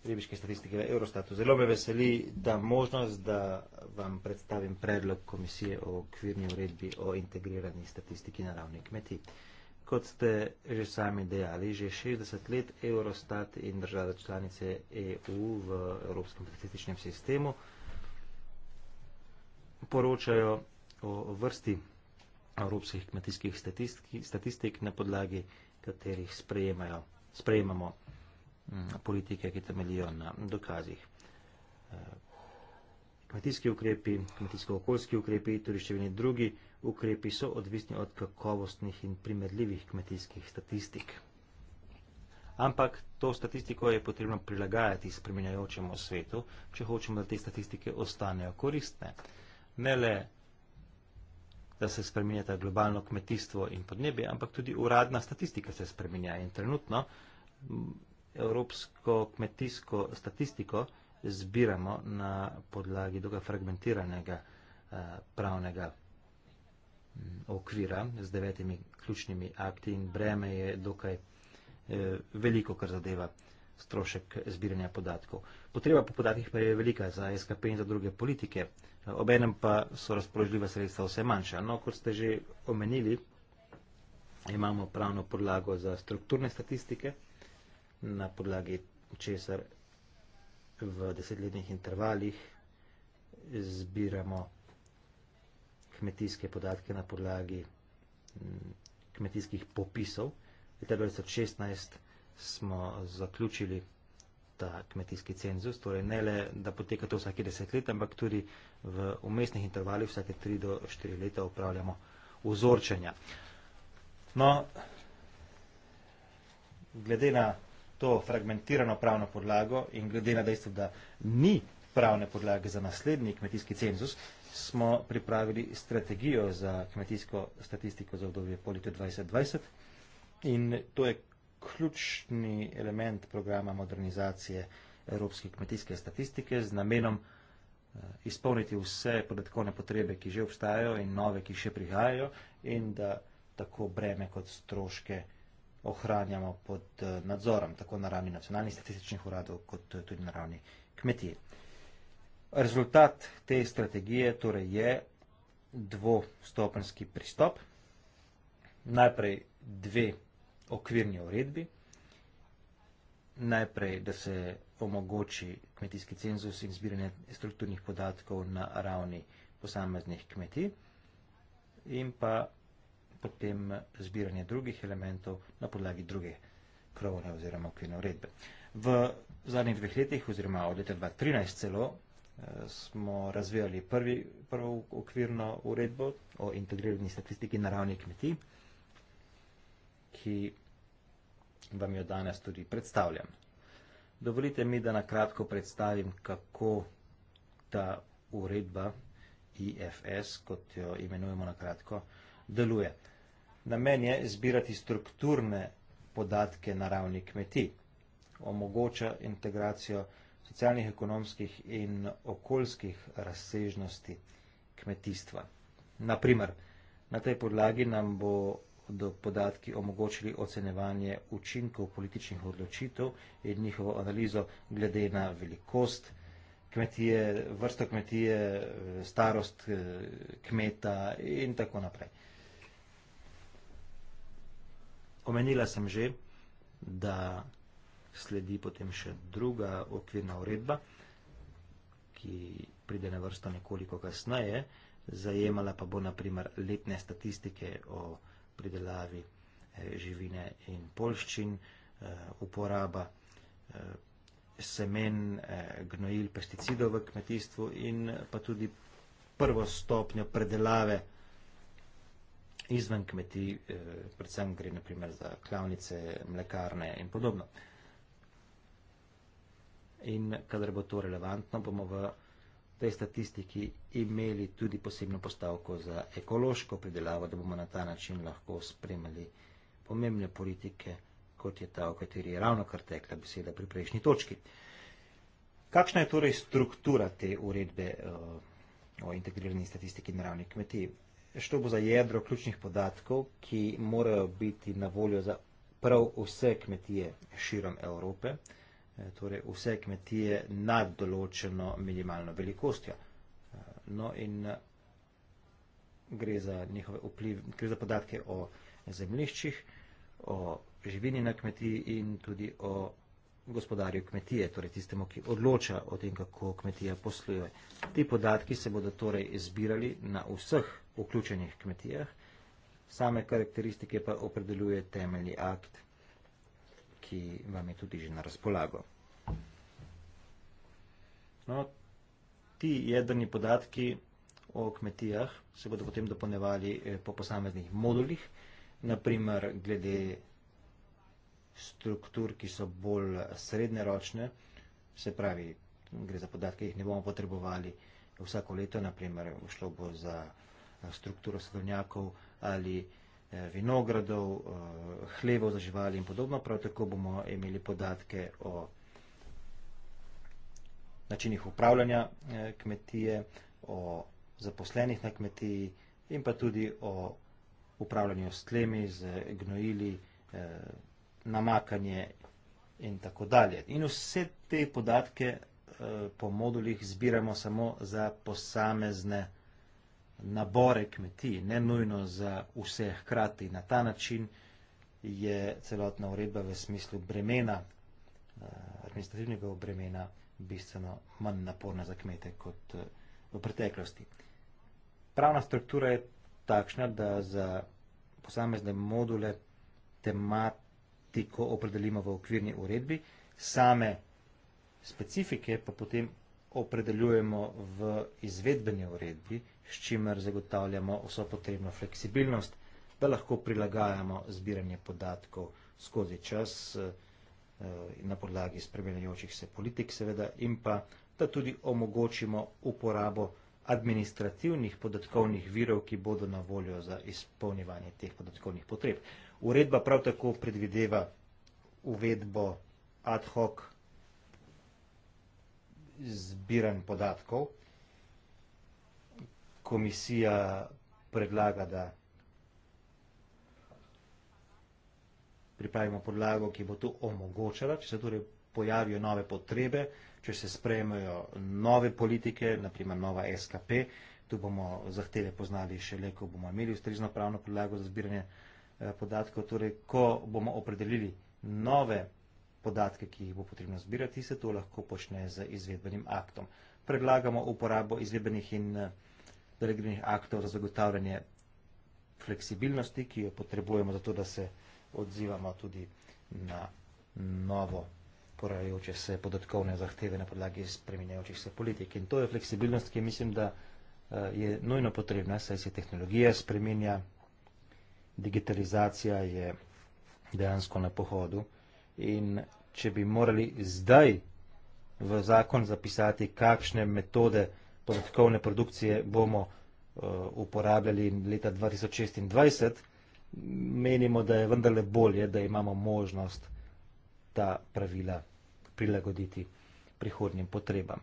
A: ribiške statistike v Eurostatu. Zelo me veseli, da možnost, da vam predstavim predlog komisije o okvirni uredbi o integrirani statistiki na ravni kmetij. Kot ste že sami dejali, že 60 let Eurostat in države članice EU v Evropskem statističnem sistemu poročajo o vrsti evropskih kmetijskih statistik, statistik na podlagi katerih sprejemajo, sprejemamo mm, politike, ki temelijo na dokazih. Eh, kmetijski ukrepi, kmetijsko-okoljski ukrepi, tudi številni drugi ukrepi so odvisni od kakovostnih in primerljivih kmetijskih statistik. Ampak to statistiko je potrebno prilagajati spremenjajočemu svetu, če hočemo, da te statistike ostanejo koristne. Ne le da se spreminjata globalno kmetijstvo in podnebje, ampak tudi uradna statistika se spreminja. In trenutno evropsko kmetijsko statistiko zbiramo na podlagi dolga fragmentiranega eh, pravnega okvira z devetimi ključnimi akti in breme je dokaj eh, veliko, kar zadeva strošek zbiranja podatkov. Potreba po podatkih pa je velika za SKP in za druge politike obenem pa so razpoložljiva sredstva vse manjša. No, kot ste že omenili, imamo pravno podlago za strukturne statistike, na podlagi česar v desetletnih intervalih zbiramo kmetijske podatke na podlagi mm, kmetijskih popisov. V 2016 smo zaključili ta kmetijski cenzus, torej ne le, da poteka to vsake deset let, ampak tudi v umestnih intervalih vsake tri do štiri leta upravljamo vzorčenja. No, glede na to fragmentirano pravno podlago in glede na dejstvo, da ni pravne podlage za naslednji kmetijski cenzus, smo pripravili strategijo za kmetijsko statistiko za obdobje polite 2020 in to je ključni element programa modernizacije evropske kmetijske statistike z namenom eh, izpolniti vse podatkovne potrebe, ki že obstajajo in nove, ki še prihajajo in da tako breme kot stroške ohranjamo pod eh, nadzorom, tako na ravni nacionalnih statističnih uradov, kot eh, tudi na ravni kmetije. Rezultat te strategije torej je dvostopenski pristop. Najprej dve okvirni uredbi. Najprej, da se omogoči kmetijski cenzus in zbiranje strukturnih podatkov na ravni posameznih kmetij in pa potem zbiranje drugih elementov na podlagi druge krovne oziroma okvirne uredbe. V zadnjih dveh letih oziroma od leta 2013 celo eh, smo razvijali prvi, prvo okvirno uredbo o integrirani statistiki na ravni kmetij ki vam jo danes tudi predstavljam. Dovolite mi, da nakratko predstavim, kako ta uredba IFS, kot jo imenujemo nakratko, deluje. Namen je zbirati strukturne podatke na ravni kmetij, omogoča integracijo socialnih, ekonomskih in okoljskih razsežnosti kmetijstva. Naprimer, na tej podlagi nam bo do podatki omogočili ocenevanje učinkov političnih odločitev in njihovo analizo glede na velikost kmetije, vrsto kmetije, starost eh, kmeta in tako naprej. Omenila sem že, da sledi potem še druga okvirna uredba, ki pride na vrsto nekoliko kasneje, zajemala pa bo naprimer letne statistike o kmetijih, pridelavi eh, živine in polščin, eh, uporaba eh, semen, gnojil, pesticidov v kmetijstvu in pa tudi prvo stopnjo predelave izven kmetij, predvsem gre naprimer za klavnice, mlekarne in podobno. In kadar bo to relevantno, bomo v tej statistiki imeli tudi posebno postavko za ekološko pridelavo, da bomo na ta način lahko spremljali pomembne politike, kot je ta, o kateri je ravno kar tekla beseda pri prejšnji točki. Kakšna je torej struktura te uredbe eh, o integrirani statistiki naravnih kmetij? Što bo za jedro ključnih podatkov, ki morajo biti na voljo za prav vse kmetije širom Evrope? Eh, torej vse kmetije nad določeno minimalno velikostjo. Eh, no in eh, gre za, vpliv, gre za podatke o zemljiščih, o živini na kmetiji in tudi o gospodarju kmetije, torej tistemu, ki odloča o tem, kako kmetija posluje. Ti podatki se bodo torej izbirali na vseh vključenih kmetijah, same karakteristike pa opredeljuje temeljni akt ki vam je tudi že na razpolago. No, ti jedrni podatki o kmetijah se bodo potem dopolnevali eh, po posameznih modulih, naprimer glede struktur, ki so bolj srednjeročne, se pravi, gre za podatke, ki jih ne bomo potrebovali vsako leto, naprimer, šlo bo za eh, strukturo sadovnjakov ali strukturo Eh, vinogradov, eh, hlevov za živali in podobno. Prav tako bomo imeli podatke o načinih upravljanja eh, kmetije, o zaposlenih na kmetiji in pa tudi o upravljanju s tlemi, z gnojili, namakanje in tako dalje. In vse te podatke po modulih zbiramo samo za posamezne podatke nabore kmetij, ne nujno za vse hkrati. Na ta način je celotna uredba v smislu bremena, eh, administrativnega bremena, bistveno manj naporna za kmete kot eh, v preteklosti. Pravna struktura je takšna, da za posamezne module tematiko opredelimo v okvirni uredbi, same specifike pa potem opredeljujemo v izvedbeni uredbi, s čimer zagotavljamo vso potrebno fleksibilnost, da lahko prilagajamo zbiranje podatkov skozi čas eh, na podlagi spremenjajočih se politik seveda in pa, da tudi omogočimo uporabo administrativnih podatkovnih virov, ki bodo na voljo za izpolnjevanje teh podatkovnih potreb. Uredba prav tako predvideva uvedbo ad hoc zbiran podatkov, komisija predlaga, da pripravimo podlago, ki bo to omogočala, če se torej pojavijo nove potrebe, če se sprejmejo nove politike, naprimer nova SKP, tu bomo zahteve poznali šele, ko bomo imeli ustrezno pravno podlago za zbiranje eh, podatkov, torej ko bomo opredelili nove podatke, ki jih bo potrebno zbirati, se to lahko počne z izvedbenim aktom. Predlagamo uporabo izvedbenih in izvedbenih pregrednih aktov za zagotavljanje fleksibilnosti, ki jo potrebujemo zato, da se odzivamo tudi na novo porajajoče se podatkovne zahteve na podlagi spremenjajočih se politik. In to je fleksibilnost, ki mislim, da eh, je nujno potrebna, saj se tehnologija spremenja, digitalizacija je dejansko na pohodu in če bi morali zdaj v zakon zapisati, kakšne metode vsega, podatkovne produkcije bomo uh, uporabljali leta 2026, menimo, da je vendarle bolje, da imamo možnost ta pravila prilagoditi prihodnjim potrebam.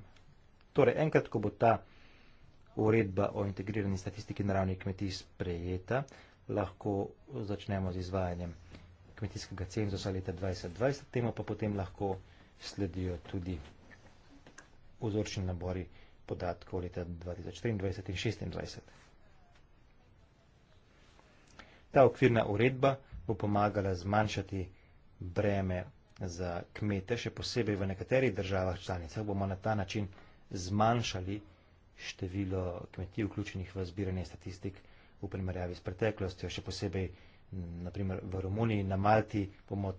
A: Torej, enkrat, ko bo ta uredba o integrirani statistiki naravni kmetij sprejeta, lahko začnemo z izvajanjem kmetijskega cenzusa leta 2020, temu pa potem lahko sledijo tudi vzorčni nabori kmetij podatkov leta 2023 in 2026. Ta okvirna uredba bo pomagala zmanjšati breme za kmete, še posebej v nekaterih državah članicah bomo na ta način zmanjšali število kmetij vključenih v zbiranje statistik v primerjavi s preteklostjo, še posebej naprimer v Romuniji, na Malti bomo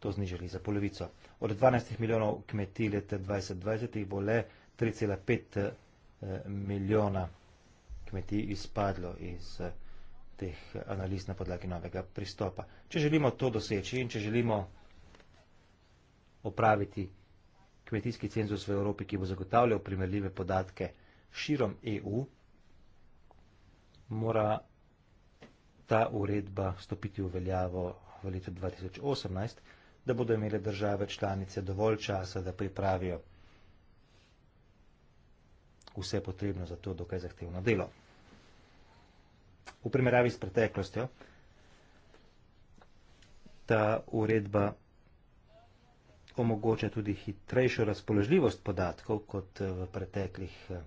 A: to znižali za polovico. Od 12 milijonov kmetij leta 2020 jih bo le 3,5 eh, milijona kmetij izpadlo iz eh, teh analiz na podlagi novega pristopa. Če želimo to doseči in če želimo opraviti kmetijski cenzus v Evropi, ki bo zagotavljal primerljive podatke širom EU, mora ta uredba stopiti v veljavo v letu 2018 da bodo imele države članice dovolj časa, da pripravijo vse potrebno za to dokaj zahtevno delo. V primeravi s preteklostjo, ta uredba omogoča tudi hitrejšo razpoložljivost podatkov kot eh, v preteklih eh,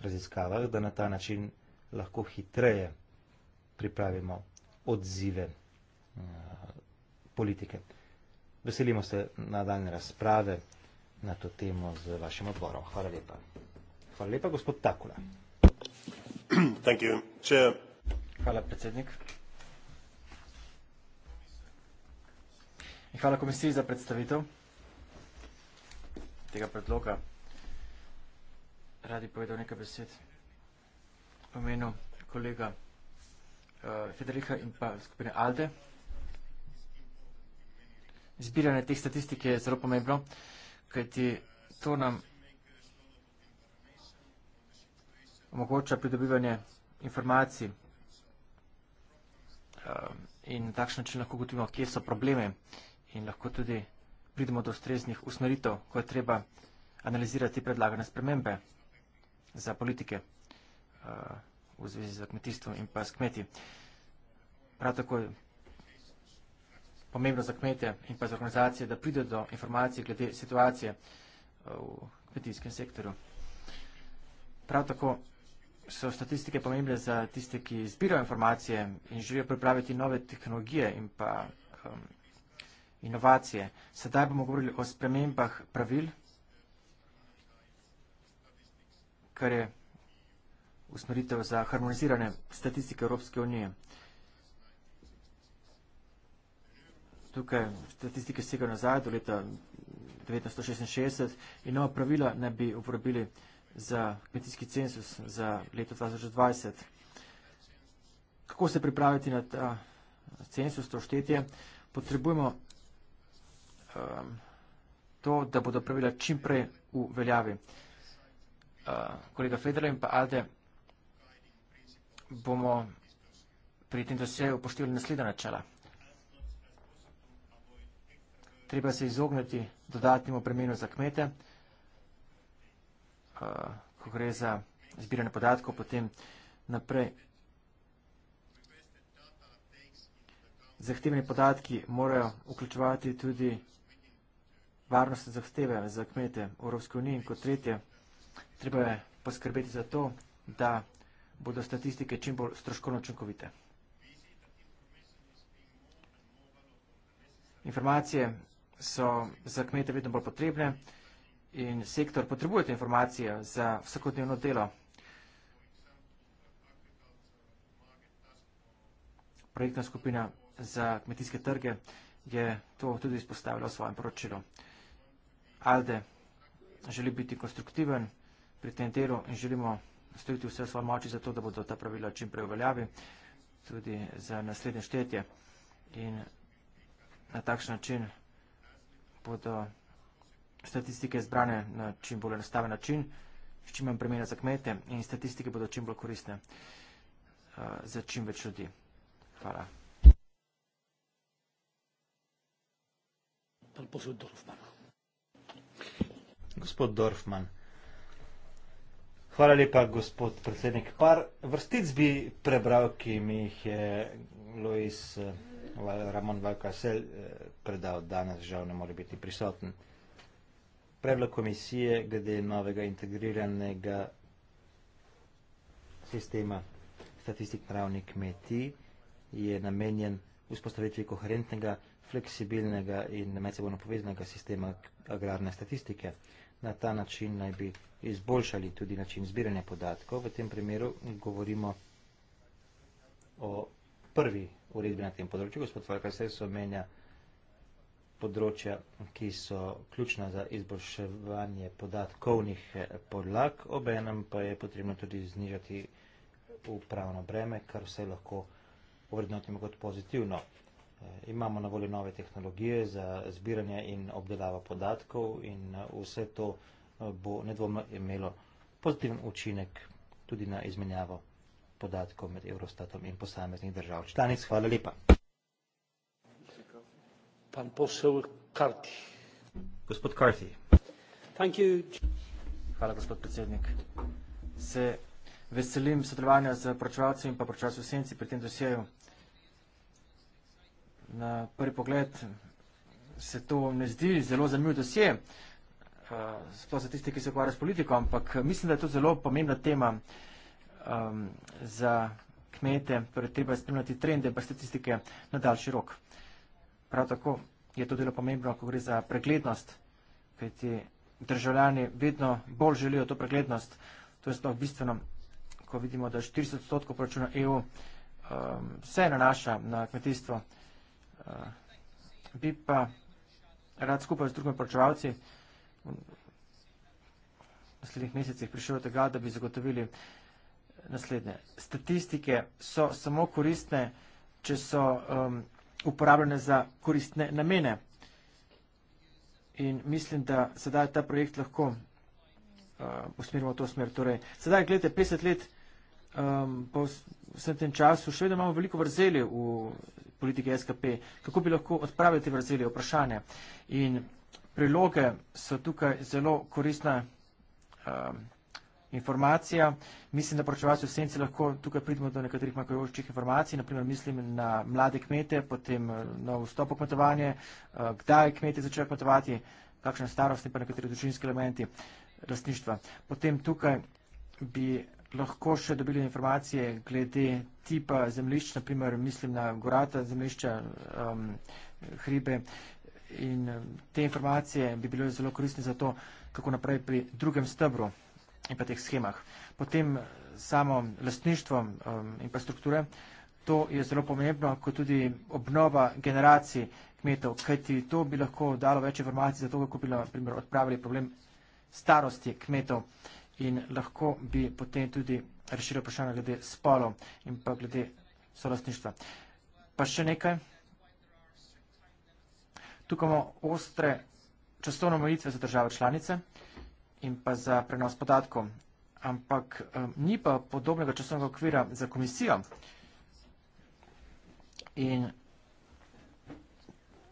A: raziskavah, da na ta način lahko hitreje pripravimo odzive eh, politike. Veselimo se nadaljne razprave na to temo z vašim odborom. Hvala lepa. Hvala lepa, gospod Takula. (clears throat) Thank you. Če... Hvala, predsednik.
B: In hvala komisiji za predstavitev tega predloga. Radi povedal nekaj besed. Pomenu kolega uh, Federica in pa skupine Alde zbiranje teh statistik je zelo pomembno, kajti to nam omogoča pridobivanje informacij um, in takšen način lahko gotovimo, kje so probleme in lahko tudi pridemo do ustreznih usmeritev, ko je treba analizirati predlagane spremembe za politike uh, v zvezi z kmetijstvom in pa s kmeti. Prav tako pomembno za kmete in pa za organizacije, da pride do informacije glede situacije eh, v kmetijskem sektorju. Prav tako so statistike pomembne za tiste, ki zbirajo informacije in želijo pripraviti nove tehnologije in pa um, inovacije. Sedaj bomo govorili o spremembah pravil, kar je usmeritev za harmonizirane statistike Evropske unije. tukaj statistike sega nazaj do leta 1966 in nova pravila ne bi uporabili za kmetijski census za leto 2020. Kako se pripraviti na ta eh, census, to štetje? Potrebujemo um, to, da bodo pravila čim prej v veljavi. Uh, kolega Federer in pa Alde, bomo pri tem doseju upoštevali naslednja načela treba se izogniti dodatnemu premenu za kmete, ko gre za zbiranje podatkov, potem naprej. Zahtevni podatki morajo vključevati tudi varnostne zahteve za kmete v Evropske unije in kot tretje, treba je poskrbeti za to, da bodo statistike čim bolj stroškovno učinkovite. Informacije so za kmete vedno bolj potrebne in sektor potrebuje te informacije za vsakodnevno delo. Projektna skupina za kmetijske trge je to tudi izpostavila v svojem poročilu. ALDE želi biti konstruktiven pri tem delu in želimo storiti vse svoje moči za to, da bodo ta pravila čim prej uveljavi tudi za naslednje štetje in na takšen način vsega bodo statistike zbrane na čim bolj enostaven način, v čim manj premena za kmete in statistike bodo čim bolj koristne eh, za čim več ljudi. Hvala.
C: Gospod Dorfman.
A: Gospod Dorfman. Hvala lepa, gospod predsednik. Par vrstic bi prebral, ki mi jih je Lois povedal. Eh, Ramon Valkasel eh, predal danes, žal ne more biti prisoten. Predlog komisije glede novega integriranega sistema statistik naravni kmetij je namenjen vzpostavitvi koherentnega, fleksibilnega in medsebojno povezanega sistema agrarne statistike. Na ta način naj bi izboljšali tudi način zbiranja podatkov. V tem primeru govorimo o prvi uredbi na tem področju. Gospod Falkar, se omenja področja, ki so ključna za izboljševanje podatkovnih eh, podlag, obenem pa je potrebno tudi znižati upravno breme, kar vse lahko uvrednotimo kot pozitivno. Eh, imamo na voljo nove tehnologije za zbiranje in obdelavo podatkov in eh, vse to bo nedvomno imelo pozitiven učinek tudi na izmenjavo podatkov med Eurostatom in posameznih držav. Članic, hvala lepa. Pan posel Karti.
B: Gospod Karti. Thank you. Hvala, gospod predsednik. Se veselim sodelovanja z pročevalcem in pa pročevalcem senci pri tem dosjeju. Na prvi pogled se to ne zdi zelo zanimiv dosje, eh, sploh za tiste, ki se ukvarja s politiko, ampak mislim, da je to zelo pomembna tema um, za kmete, torej treba spremljati trende in pa statistike na daljši rok. Prav tako je to delo pomembno, ko gre za preglednost, kajti državljani vedno bolj želijo to preglednost. To je sploh bistveno, ko vidimo, da 40 odstotkov proračuna EU um, se nanaša na kmetijstvo. Uh, bi pa rad skupaj z drugimi poročevalci v naslednjih mesecih prišel do tega, da bi zagotovili uh, naslednje. Statistike so samo koristne, če so um, uporabljene za koristne namene. In mislim, da sedaj ta projekt lahko uh, usmerimo v to smer. Torej, sedaj, gledajte, 50 let um, po vsem tem času, še vedno imamo veliko vrzeli v politiki SKP. Kako bi lahko odpravili te vrzeli, vprašanje? In priloge so tukaj zelo koristne. Um, informacija. Mislim, da poročevalci v senci lahko tukaj pridemo do nekaterih makajočih informacij, naprimer mislim na mlade kmete, potem eh, na vstop v kmetovanje, eh, kdaj kmete začajo kmetovati, kakšne starosti pa nekateri dočinski elementi rastništva. Potem tukaj bi lahko še dobili informacije glede tipa zemljišč, naprimer mislim na gorata zemljišča, um, hribe in eh, te informacije bi bile zelo koristne za to, kako naprej pri drugem stebru in pa teh schemah. Potem eh, samo lastništvo infrastrukture, to je zelo pomembno, kot tudi obnova generacij kmetov, kajti to bi lahko dalo več informacij za to, kako bi naprimer odpravili problem starosti kmetov in lahko bi potem tudi rešili vprašanje glede spolo in pa glede solastništva. Pa še nekaj. Tukaj imamo ostre častovno molitve za države članice in pa za prenos podatkov. Ampak ni pa podobnega časovnega okvira za komisijo. In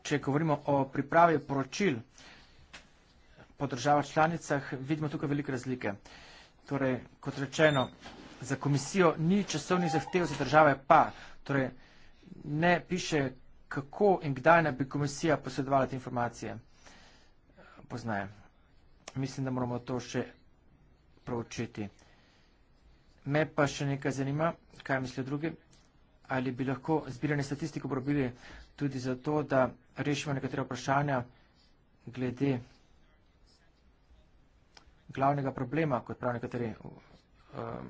B: če govorimo o pripravi poročil po državah članicah, vidimo tukaj velike razlike. Torej, kot rečeno, za komisijo ni časovnih zahtev za države pa. Torej, ne piše, kako in kdaj ne bi komisija posredovala te informacije. Eh, Poznajem mislim, da moramo to še pravočiti. Me pa še nekaj zanima, kaj mislijo drugi, ali bi lahko zbiranje statistiko probili tudi za to, da rešimo nekatera vprašanja glede glavnega problema, kot pravi nekateri, um,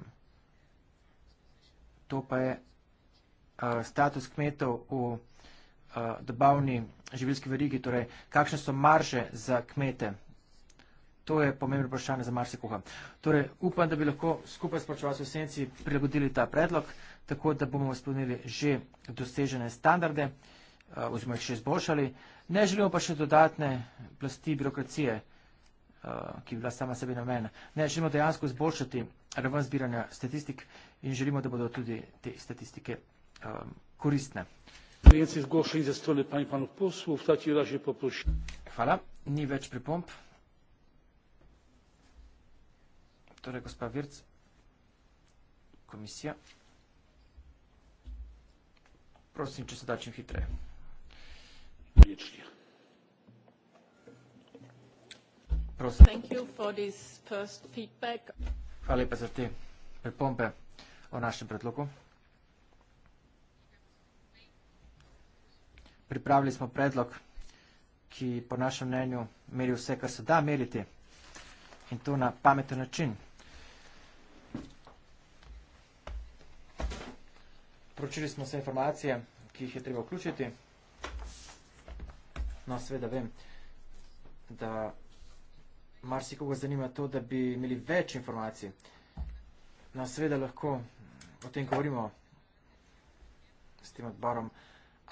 B: to pa je uh, status kmetov v uh, dobavni živilski verigi, torej kakšne so marže za kmete, To je pomembno vprašanje za marsikoga. Torej, upam, da bi lahko skupaj s počevalci v senci prilagodili ta predlog, tako da bomo izpolnili že dosežene standarde eh, oziroma jih še izboljšali. Ne želimo pa še dodatne plasti birokracije, eh, ki bi bila sama sebi namena. Ne želimo dejansko izboljšati raven zbiranja statistik in želimo, da bodo tudi te statistike eh, koristne. Hvala, ni več pripomp. Torej, gospa Virc, komisija, prosim, če se da čim hitreje. Prijetno. Prosim. Thank
C: you for this first feedback.
B: Hvala lepa za te pripombe o našem predlogu. Pripravili smo predlog, ki po našem mnenju meri vse, kar se da meriti in to na pameten način. Pročili smo vse informacije, ki jih je treba vključiti. No, seveda vem, da marsikoga zanima to, da bi imeli več informacij. No, seveda lahko o tem govorimo s tem odbarom,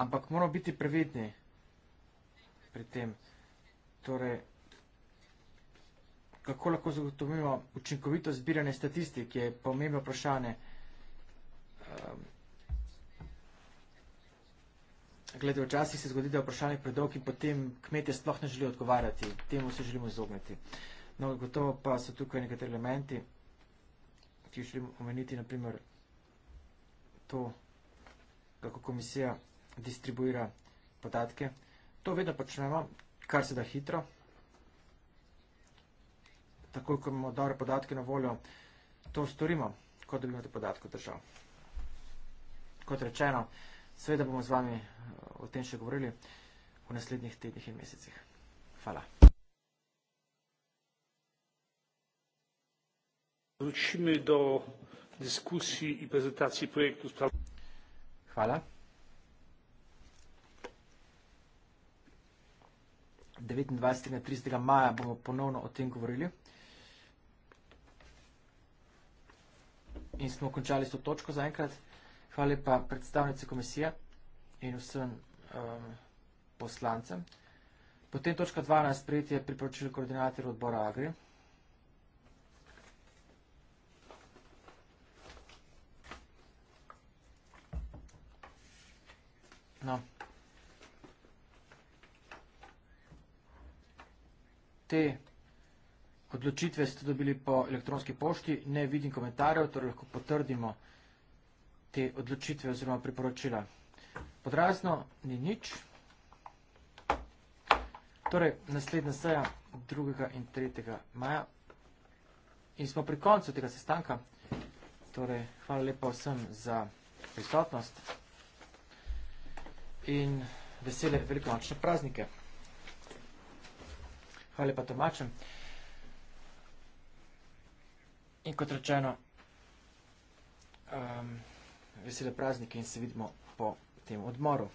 B: ampak moramo biti previdni pri tem. Torej, kako lahko zagotovimo učinkovito zbiranje statistik, je pomembno vprašanje. Um, Glede, včasih se zgodi, da je vprašanje predolg in potem kmetje sploh ne želijo odgovarjati. Temu se želimo izogniti. No, gotovo pa so tukaj nekateri elementi, ki jih želim omeniti, naprimer to, kako komisija distribuira podatke. To vedno počnemo, kar se da hitro. Tako, ko imamo dobre podatke na voljo, to storimo, kot da bi imate podatke držav. Kot rečeno, Seveda bomo z vami eh, o tem še govorili v naslednjih tednih in mesecih. Hvala.
C: Vročimo do
A: diskusij in prezentacij projektov.
B: Hvala. 29. in 30. maja bomo ponovno o tem govorili. In smo končali s to točko zaenkrat. Hvala lepa predstavnice komisije in vsem um, poslancem. Potem točka 12, prijetje priporočil koordinator odbora Agri. No. Te odločitve ste dobili po elektronski pošti, ne vidim komentarjev, torej lahko potrdimo, da te odločitve oziroma priporočila. Podrazno ni nič. Torej, naslednja seja 2. in 3. maja. In smo pri koncu tega sestanka. Torej, hvala lepa vsem za prisotnost in vesele velikonočne praznike. Hvala lepa tomačem. In kot rečeno, um, vesele praznike in se vidimo po tem odmoru.